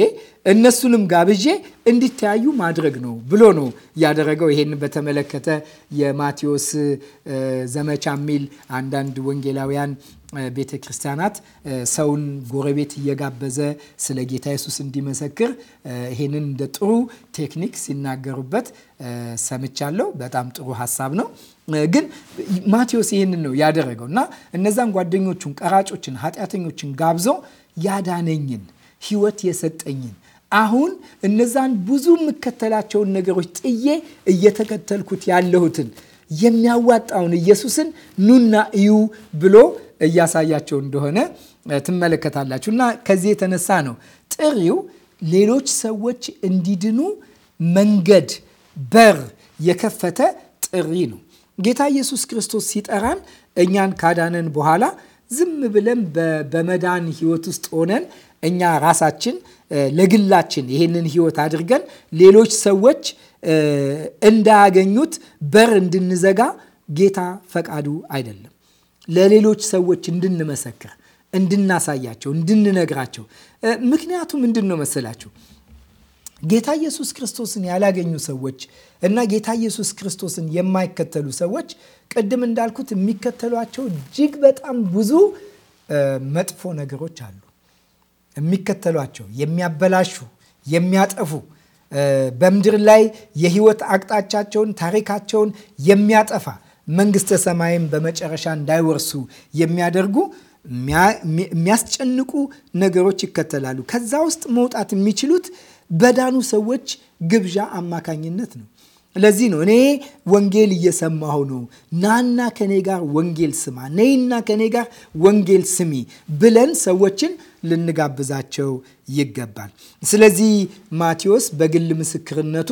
እነሱንም ጋብዤ እንዲተያዩ ማድረግ ነው ብሎ ነው ያደረገው። ይሄን በተመለከተ የማቴዎስ ዘመቻ የሚል አንዳንድ ወንጌላውያን ቤተ ክርስቲያናት ሰውን ጎረቤት እየጋበዘ ስለ ጌታ የሱስ እንዲመሰክር ይሄንን እንደ ጥሩ ቴክኒክ ሲናገሩበት ሰምቻለሁ። በጣም ጥሩ ሀሳብ ነው። ግን ማቴዎስ ይህንን ነው ያደረገው እና እነዛን ጓደኞቹን፣ ቀራጮችን፣ ኃጢአተኞችን ጋብዞ ያዳነኝን ህይወት የሰጠኝን አሁን እነዛን ብዙ የምከተላቸውን ነገሮች ጥዬ እየተከተልኩት ያለሁትን የሚያዋጣውን ኢየሱስን ኑና እዩ ብሎ እያሳያቸው እንደሆነ ትመለከታላችሁ። እና ከዚህ የተነሳ ነው ጥሪው ሌሎች ሰዎች እንዲድኑ መንገድ፣ በር የከፈተ ጥሪ ነው። ጌታ ኢየሱስ ክርስቶስ ሲጠራን እኛን ካዳነን በኋላ ዝም ብለን በመዳን ህይወት ውስጥ ሆነን እኛ ራሳችን ለግላችን ይህንን ህይወት አድርገን ሌሎች ሰዎች እንዳያገኙት በር እንድንዘጋ ጌታ ፈቃዱ አይደለም። ለሌሎች ሰዎች እንድንመሰክር፣ እንድናሳያቸው፣ እንድንነግራቸው ምክንያቱ ምንድን ነው መሰላችሁ? ጌታ ኢየሱስ ክርስቶስን ያላገኙ ሰዎች እና ጌታ ኢየሱስ ክርስቶስን የማይከተሉ ሰዎች ቅድም እንዳልኩት የሚከተሏቸው እጅግ በጣም ብዙ መጥፎ ነገሮች አሉ። የሚከተሏቸው የሚያበላሹ፣ የሚያጠፉ በምድር ላይ የህይወት አቅጣጫቸውን ታሪካቸውን የሚያጠፋ መንግስተ ሰማይም በመጨረሻ እንዳይወርሱ የሚያደርጉ የሚያስጨንቁ ነገሮች ይከተላሉ። ከዛ ውስጥ መውጣት የሚችሉት በዳኑ ሰዎች ግብዣ አማካኝነት ነው። ለዚህ ነው እኔ ወንጌል እየሰማሁ ነው፣ ናና ከኔ ጋር ወንጌል ስማ፣ ነይና ከኔ ጋር ወንጌል ስሚ ብለን ሰዎችን ልንጋብዛቸው ይገባል። ስለዚህ ማቴዎስ በግል ምስክርነቱ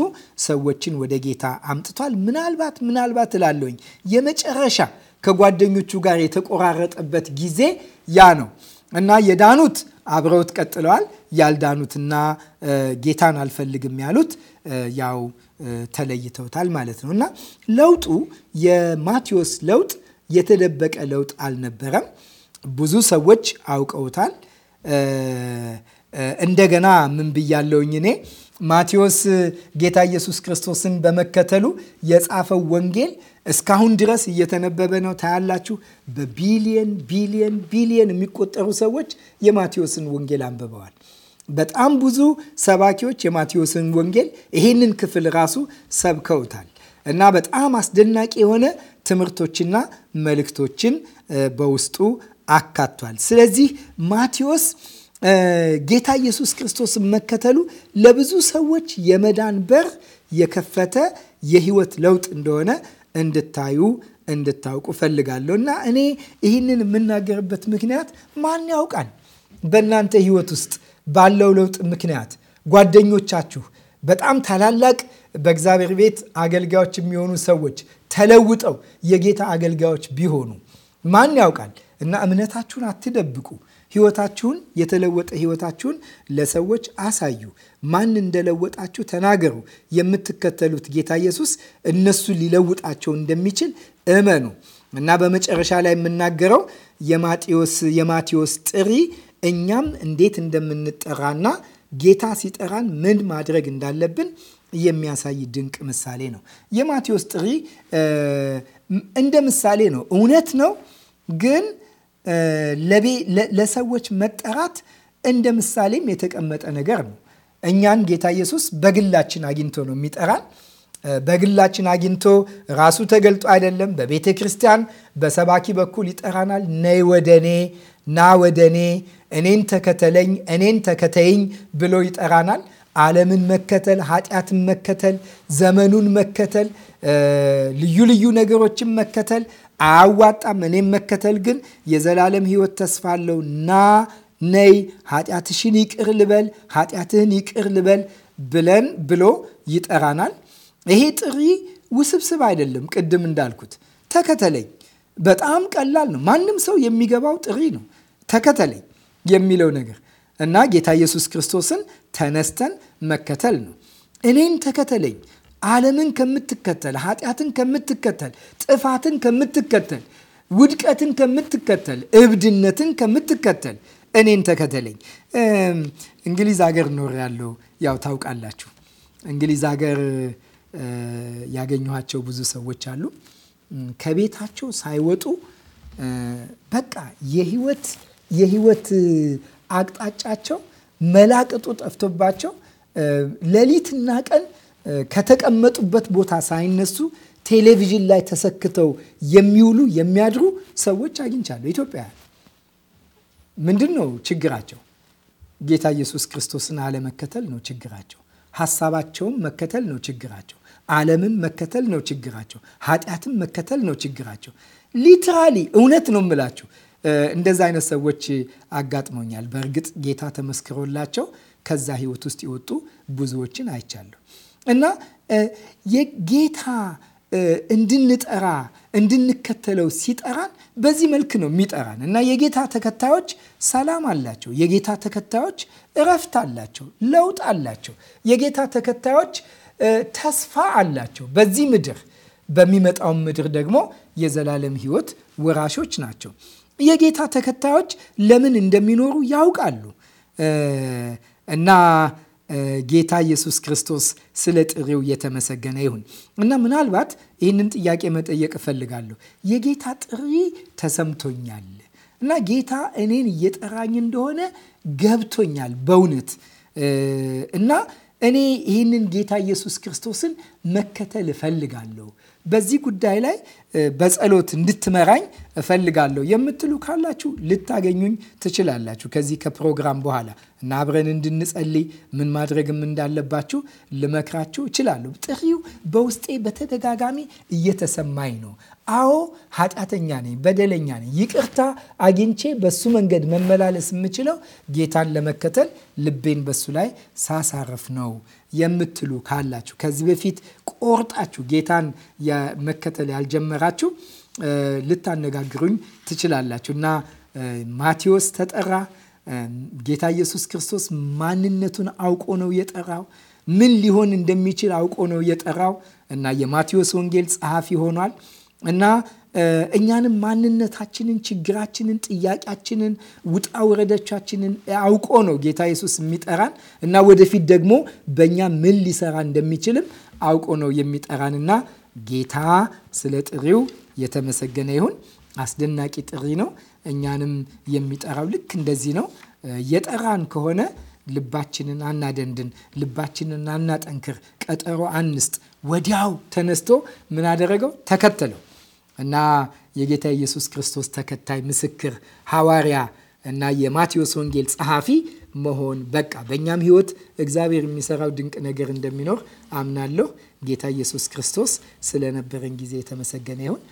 ሰዎችን ወደ ጌታ አምጥቷል። ምናልባት ምናልባት እላለሁኝ የመጨረሻ ከጓደኞቹ ጋር የተቆራረጠበት ጊዜ ያ ነው እና የዳኑት አብረውት ቀጥለዋል። ያልዳኑትና ጌታን አልፈልግም ያሉት ያው ተለይተውታል ማለት ነው እና ለውጡ የማቴዎስ ለውጥ የተደበቀ ለውጥ አልነበረም። ብዙ ሰዎች አውቀውታል። እንደገና ምን ብያለውኝ እኔ ማቴዎስ ጌታ ኢየሱስ ክርስቶስን በመከተሉ የጻፈው ወንጌል እስካሁን ድረስ እየተነበበ ነው። ታያላችሁ። በቢሊየን ቢሊየን ቢሊየን የሚቆጠሩ ሰዎች የማቴዎስን ወንጌል አንብበዋል። በጣም ብዙ ሰባኪዎች የማቴዎስን ወንጌል ይህንን ክፍል ራሱ ሰብከውታል እና በጣም አስደናቂ የሆነ ትምህርቶችና መልእክቶችን በውስጡ አካቷል። ስለዚህ ማቴዎስ ጌታ ኢየሱስ ክርስቶስን መከተሉ ለብዙ ሰዎች የመዳን በር የከፈተ የህይወት ለውጥ እንደሆነ እንድታዩ እንድታውቁ ፈልጋለሁ እና እኔ ይህንን የምናገርበት ምክንያት ማን ያውቃል በእናንተ ህይወት ውስጥ ባለው ለውጥ ምክንያት ጓደኞቻችሁ በጣም ታላላቅ በእግዚአብሔር ቤት አገልጋዮች የሚሆኑ ሰዎች ተለውጠው የጌታ አገልጋዮች ቢሆኑ ማን ያውቃል እና እምነታችሁን አትደብቁ። ህይወታችሁን የተለወጠ ህይወታችሁን ለሰዎች አሳዩ። ማን እንደለወጣችሁ ተናገሩ። የምትከተሉት ጌታ ኢየሱስ እነሱ ሊለውጣቸው እንደሚችል እመኑ እና በመጨረሻ ላይ የምናገረው የማቴዎስ ጥሪ እኛም እንዴት እንደምንጠራና ጌታ ሲጠራን ምን ማድረግ እንዳለብን የሚያሳይ ድንቅ ምሳሌ ነው። የማቴዎስ ጥሪ እንደ ምሳሌ ነው፣ እውነት ነው። ግን ለሰዎች መጠራት እንደ ምሳሌም የተቀመጠ ነገር ነው። እኛን ጌታ ኢየሱስ በግላችን አግኝቶ ነው የሚጠራን። በግላችን አግኝቶ ራሱ ተገልጦ አይደለም። በቤተ ክርስቲያን በሰባኪ በኩል ይጠራናል። ነይ ወደ እኔ ና ወደ እኔ እኔን ተከተለኝ እኔን ተከተይኝ ብሎ ይጠራናል። ዓለምን መከተል፣ ኃጢአትን መከተል፣ ዘመኑን መከተል፣ ልዩ ልዩ ነገሮችን መከተል አያዋጣም። እኔም መከተል ግን የዘላለም ሕይወት ተስፋ አለው። ና ነይ፣ ኃጢአትሽን ይቅር ልበል፣ ኃጢአትህን ይቅር ልበል ብለን ብሎ ይጠራናል። ይሄ ጥሪ ውስብስብ አይደለም። ቅድም እንዳልኩት ተከተለኝ በጣም ቀላል ነው። ማንም ሰው የሚገባው ጥሪ ነው። ተከተለኝ የሚለው ነገር እና ጌታ ኢየሱስ ክርስቶስን ተነስተን መከተል ነው። እኔን ተከተለኝ ዓለምን ከምትከተል፣ ኃጢአትን ከምትከተል፣ ጥፋትን ከምትከተል፣ ውድቀትን ከምትከተል፣ እብድነትን ከምትከተል እኔን ተከተለኝ። እንግሊዝ ሀገር ኖር ያለው ያው ታውቃላችሁ። እንግሊዝ ሀገር ያገኘኋቸው ብዙ ሰዎች አሉ። ከቤታቸው ሳይወጡ በቃ የህይወት የህይወት አቅጣጫቸው መላቅጡ ጠፍቶባቸው ሌሊትና ቀን ከተቀመጡበት ቦታ ሳይነሱ ቴሌቪዥን ላይ ተሰክተው የሚውሉ የሚያድሩ ሰዎች አግኝቻለሁ። ኢትዮጵያ ምንድን ነው ችግራቸው? ጌታ ኢየሱስ ክርስቶስን አለመከተል ነው ችግራቸው። ሀሳባቸውም መከተል ነው ችግራቸው። ዓለምን መከተል ነው ችግራቸው። ኃጢአትን መከተል ነው ችግራቸው። ሊትራሊ እውነት ነው የምላችሁ እንደዛ አይነት ሰዎች አጋጥመኛል። በእርግጥ ጌታ ተመስክሮላቸው ከዛ ህይወት ውስጥ የወጡ ብዙዎችን አይቻለሁ እና የጌታ እንድንጠራ እንድንከተለው ሲጠራን በዚህ መልክ ነው የሚጠራን እና የጌታ ተከታዮች ሰላም አላቸው። የጌታ ተከታዮች እረፍት አላቸው፣ ለውጥ አላቸው። የጌታ ተከታዮች ተስፋ አላቸው በዚህ ምድር በሚመጣው ምድር ደግሞ የዘላለም ሕይወት ወራሾች ናቸው። የጌታ ተከታዮች ለምን እንደሚኖሩ ያውቃሉ እና ጌታ ኢየሱስ ክርስቶስ ስለ ጥሪው የተመሰገነ ይሁን እና ምናልባት ይህንን ጥያቄ መጠየቅ እፈልጋለሁ። የጌታ ጥሪ ተሰምቶኛል እና ጌታ እኔን እየጠራኝ እንደሆነ ገብቶኛል በእውነት እና እኔ ይህንን ጌታ ኢየሱስ ክርስቶስን መከተል እፈልጋለሁ፣ በዚህ ጉዳይ ላይ በጸሎት እንድትመራኝ እፈልጋለሁ የምትሉ ካላችሁ ልታገኙኝ ትችላላችሁ። ከዚህ ከፕሮግራም በኋላ እና አብረን እንድንጸልይ ምን ማድረግም እንዳለባችሁ ልመክራችሁ እችላለሁ። ጥሪው በውስጤ በተደጋጋሚ እየተሰማኝ ነው። አዎ ኃጢአተኛ ነኝ፣ በደለኛ ነኝ። ይቅርታ አግኝቼ በሱ መንገድ መመላለስ የምችለው ጌታን ለመከተል ልቤን በሱ ላይ ሳሳረፍ ነው የምትሉ ካላችሁ ከዚህ በፊት ቆርጣችሁ ጌታን መከተል ያልጀመራችሁ ልታነጋግሩኝ ትችላላችሁ እና ማቴዎስ ተጠራ። ጌታ ኢየሱስ ክርስቶስ ማንነቱን አውቆ ነው የጠራው። ምን ሊሆን እንደሚችል አውቆ ነው የጠራው እና የማቴዎስ ወንጌል ጸሐፊ ሆኗል እና እኛንም ማንነታችንን፣ ችግራችንን፣ ጥያቄያችንን፣ ውጣ ውረዶቻችንን አውቆ ነው ጌታ ኢየሱስ የሚጠራን እና ወደፊት ደግሞ በእኛ ምን ሊሰራ እንደሚችልም አውቆ ነው የሚጠራን እና ጌታ ስለ ጥሪው የተመሰገነ ይሁን። አስደናቂ ጥሪ ነው። እኛንም የሚጠራው ልክ እንደዚህ ነው። የጠራን ከሆነ ልባችንን አናደንድን፣ ልባችንን አናጠንክር፣ ቀጠሮ አንስጥ። ወዲያው ተነስቶ ምን አደረገው? ተከተለው። እና የጌታ ኢየሱስ ክርስቶስ ተከታይ ምስክር ሐዋርያ እና የማቴዎስ ወንጌል ጸሐፊ መሆን በቃ በእኛም ሕይወት እግዚአብሔር የሚሰራው ድንቅ ነገር እንደሚኖር አምናለሁ። ጌታ ኢየሱስ ክርስቶስ ስለነበረን ጊዜ የተመሰገነ ይሁን።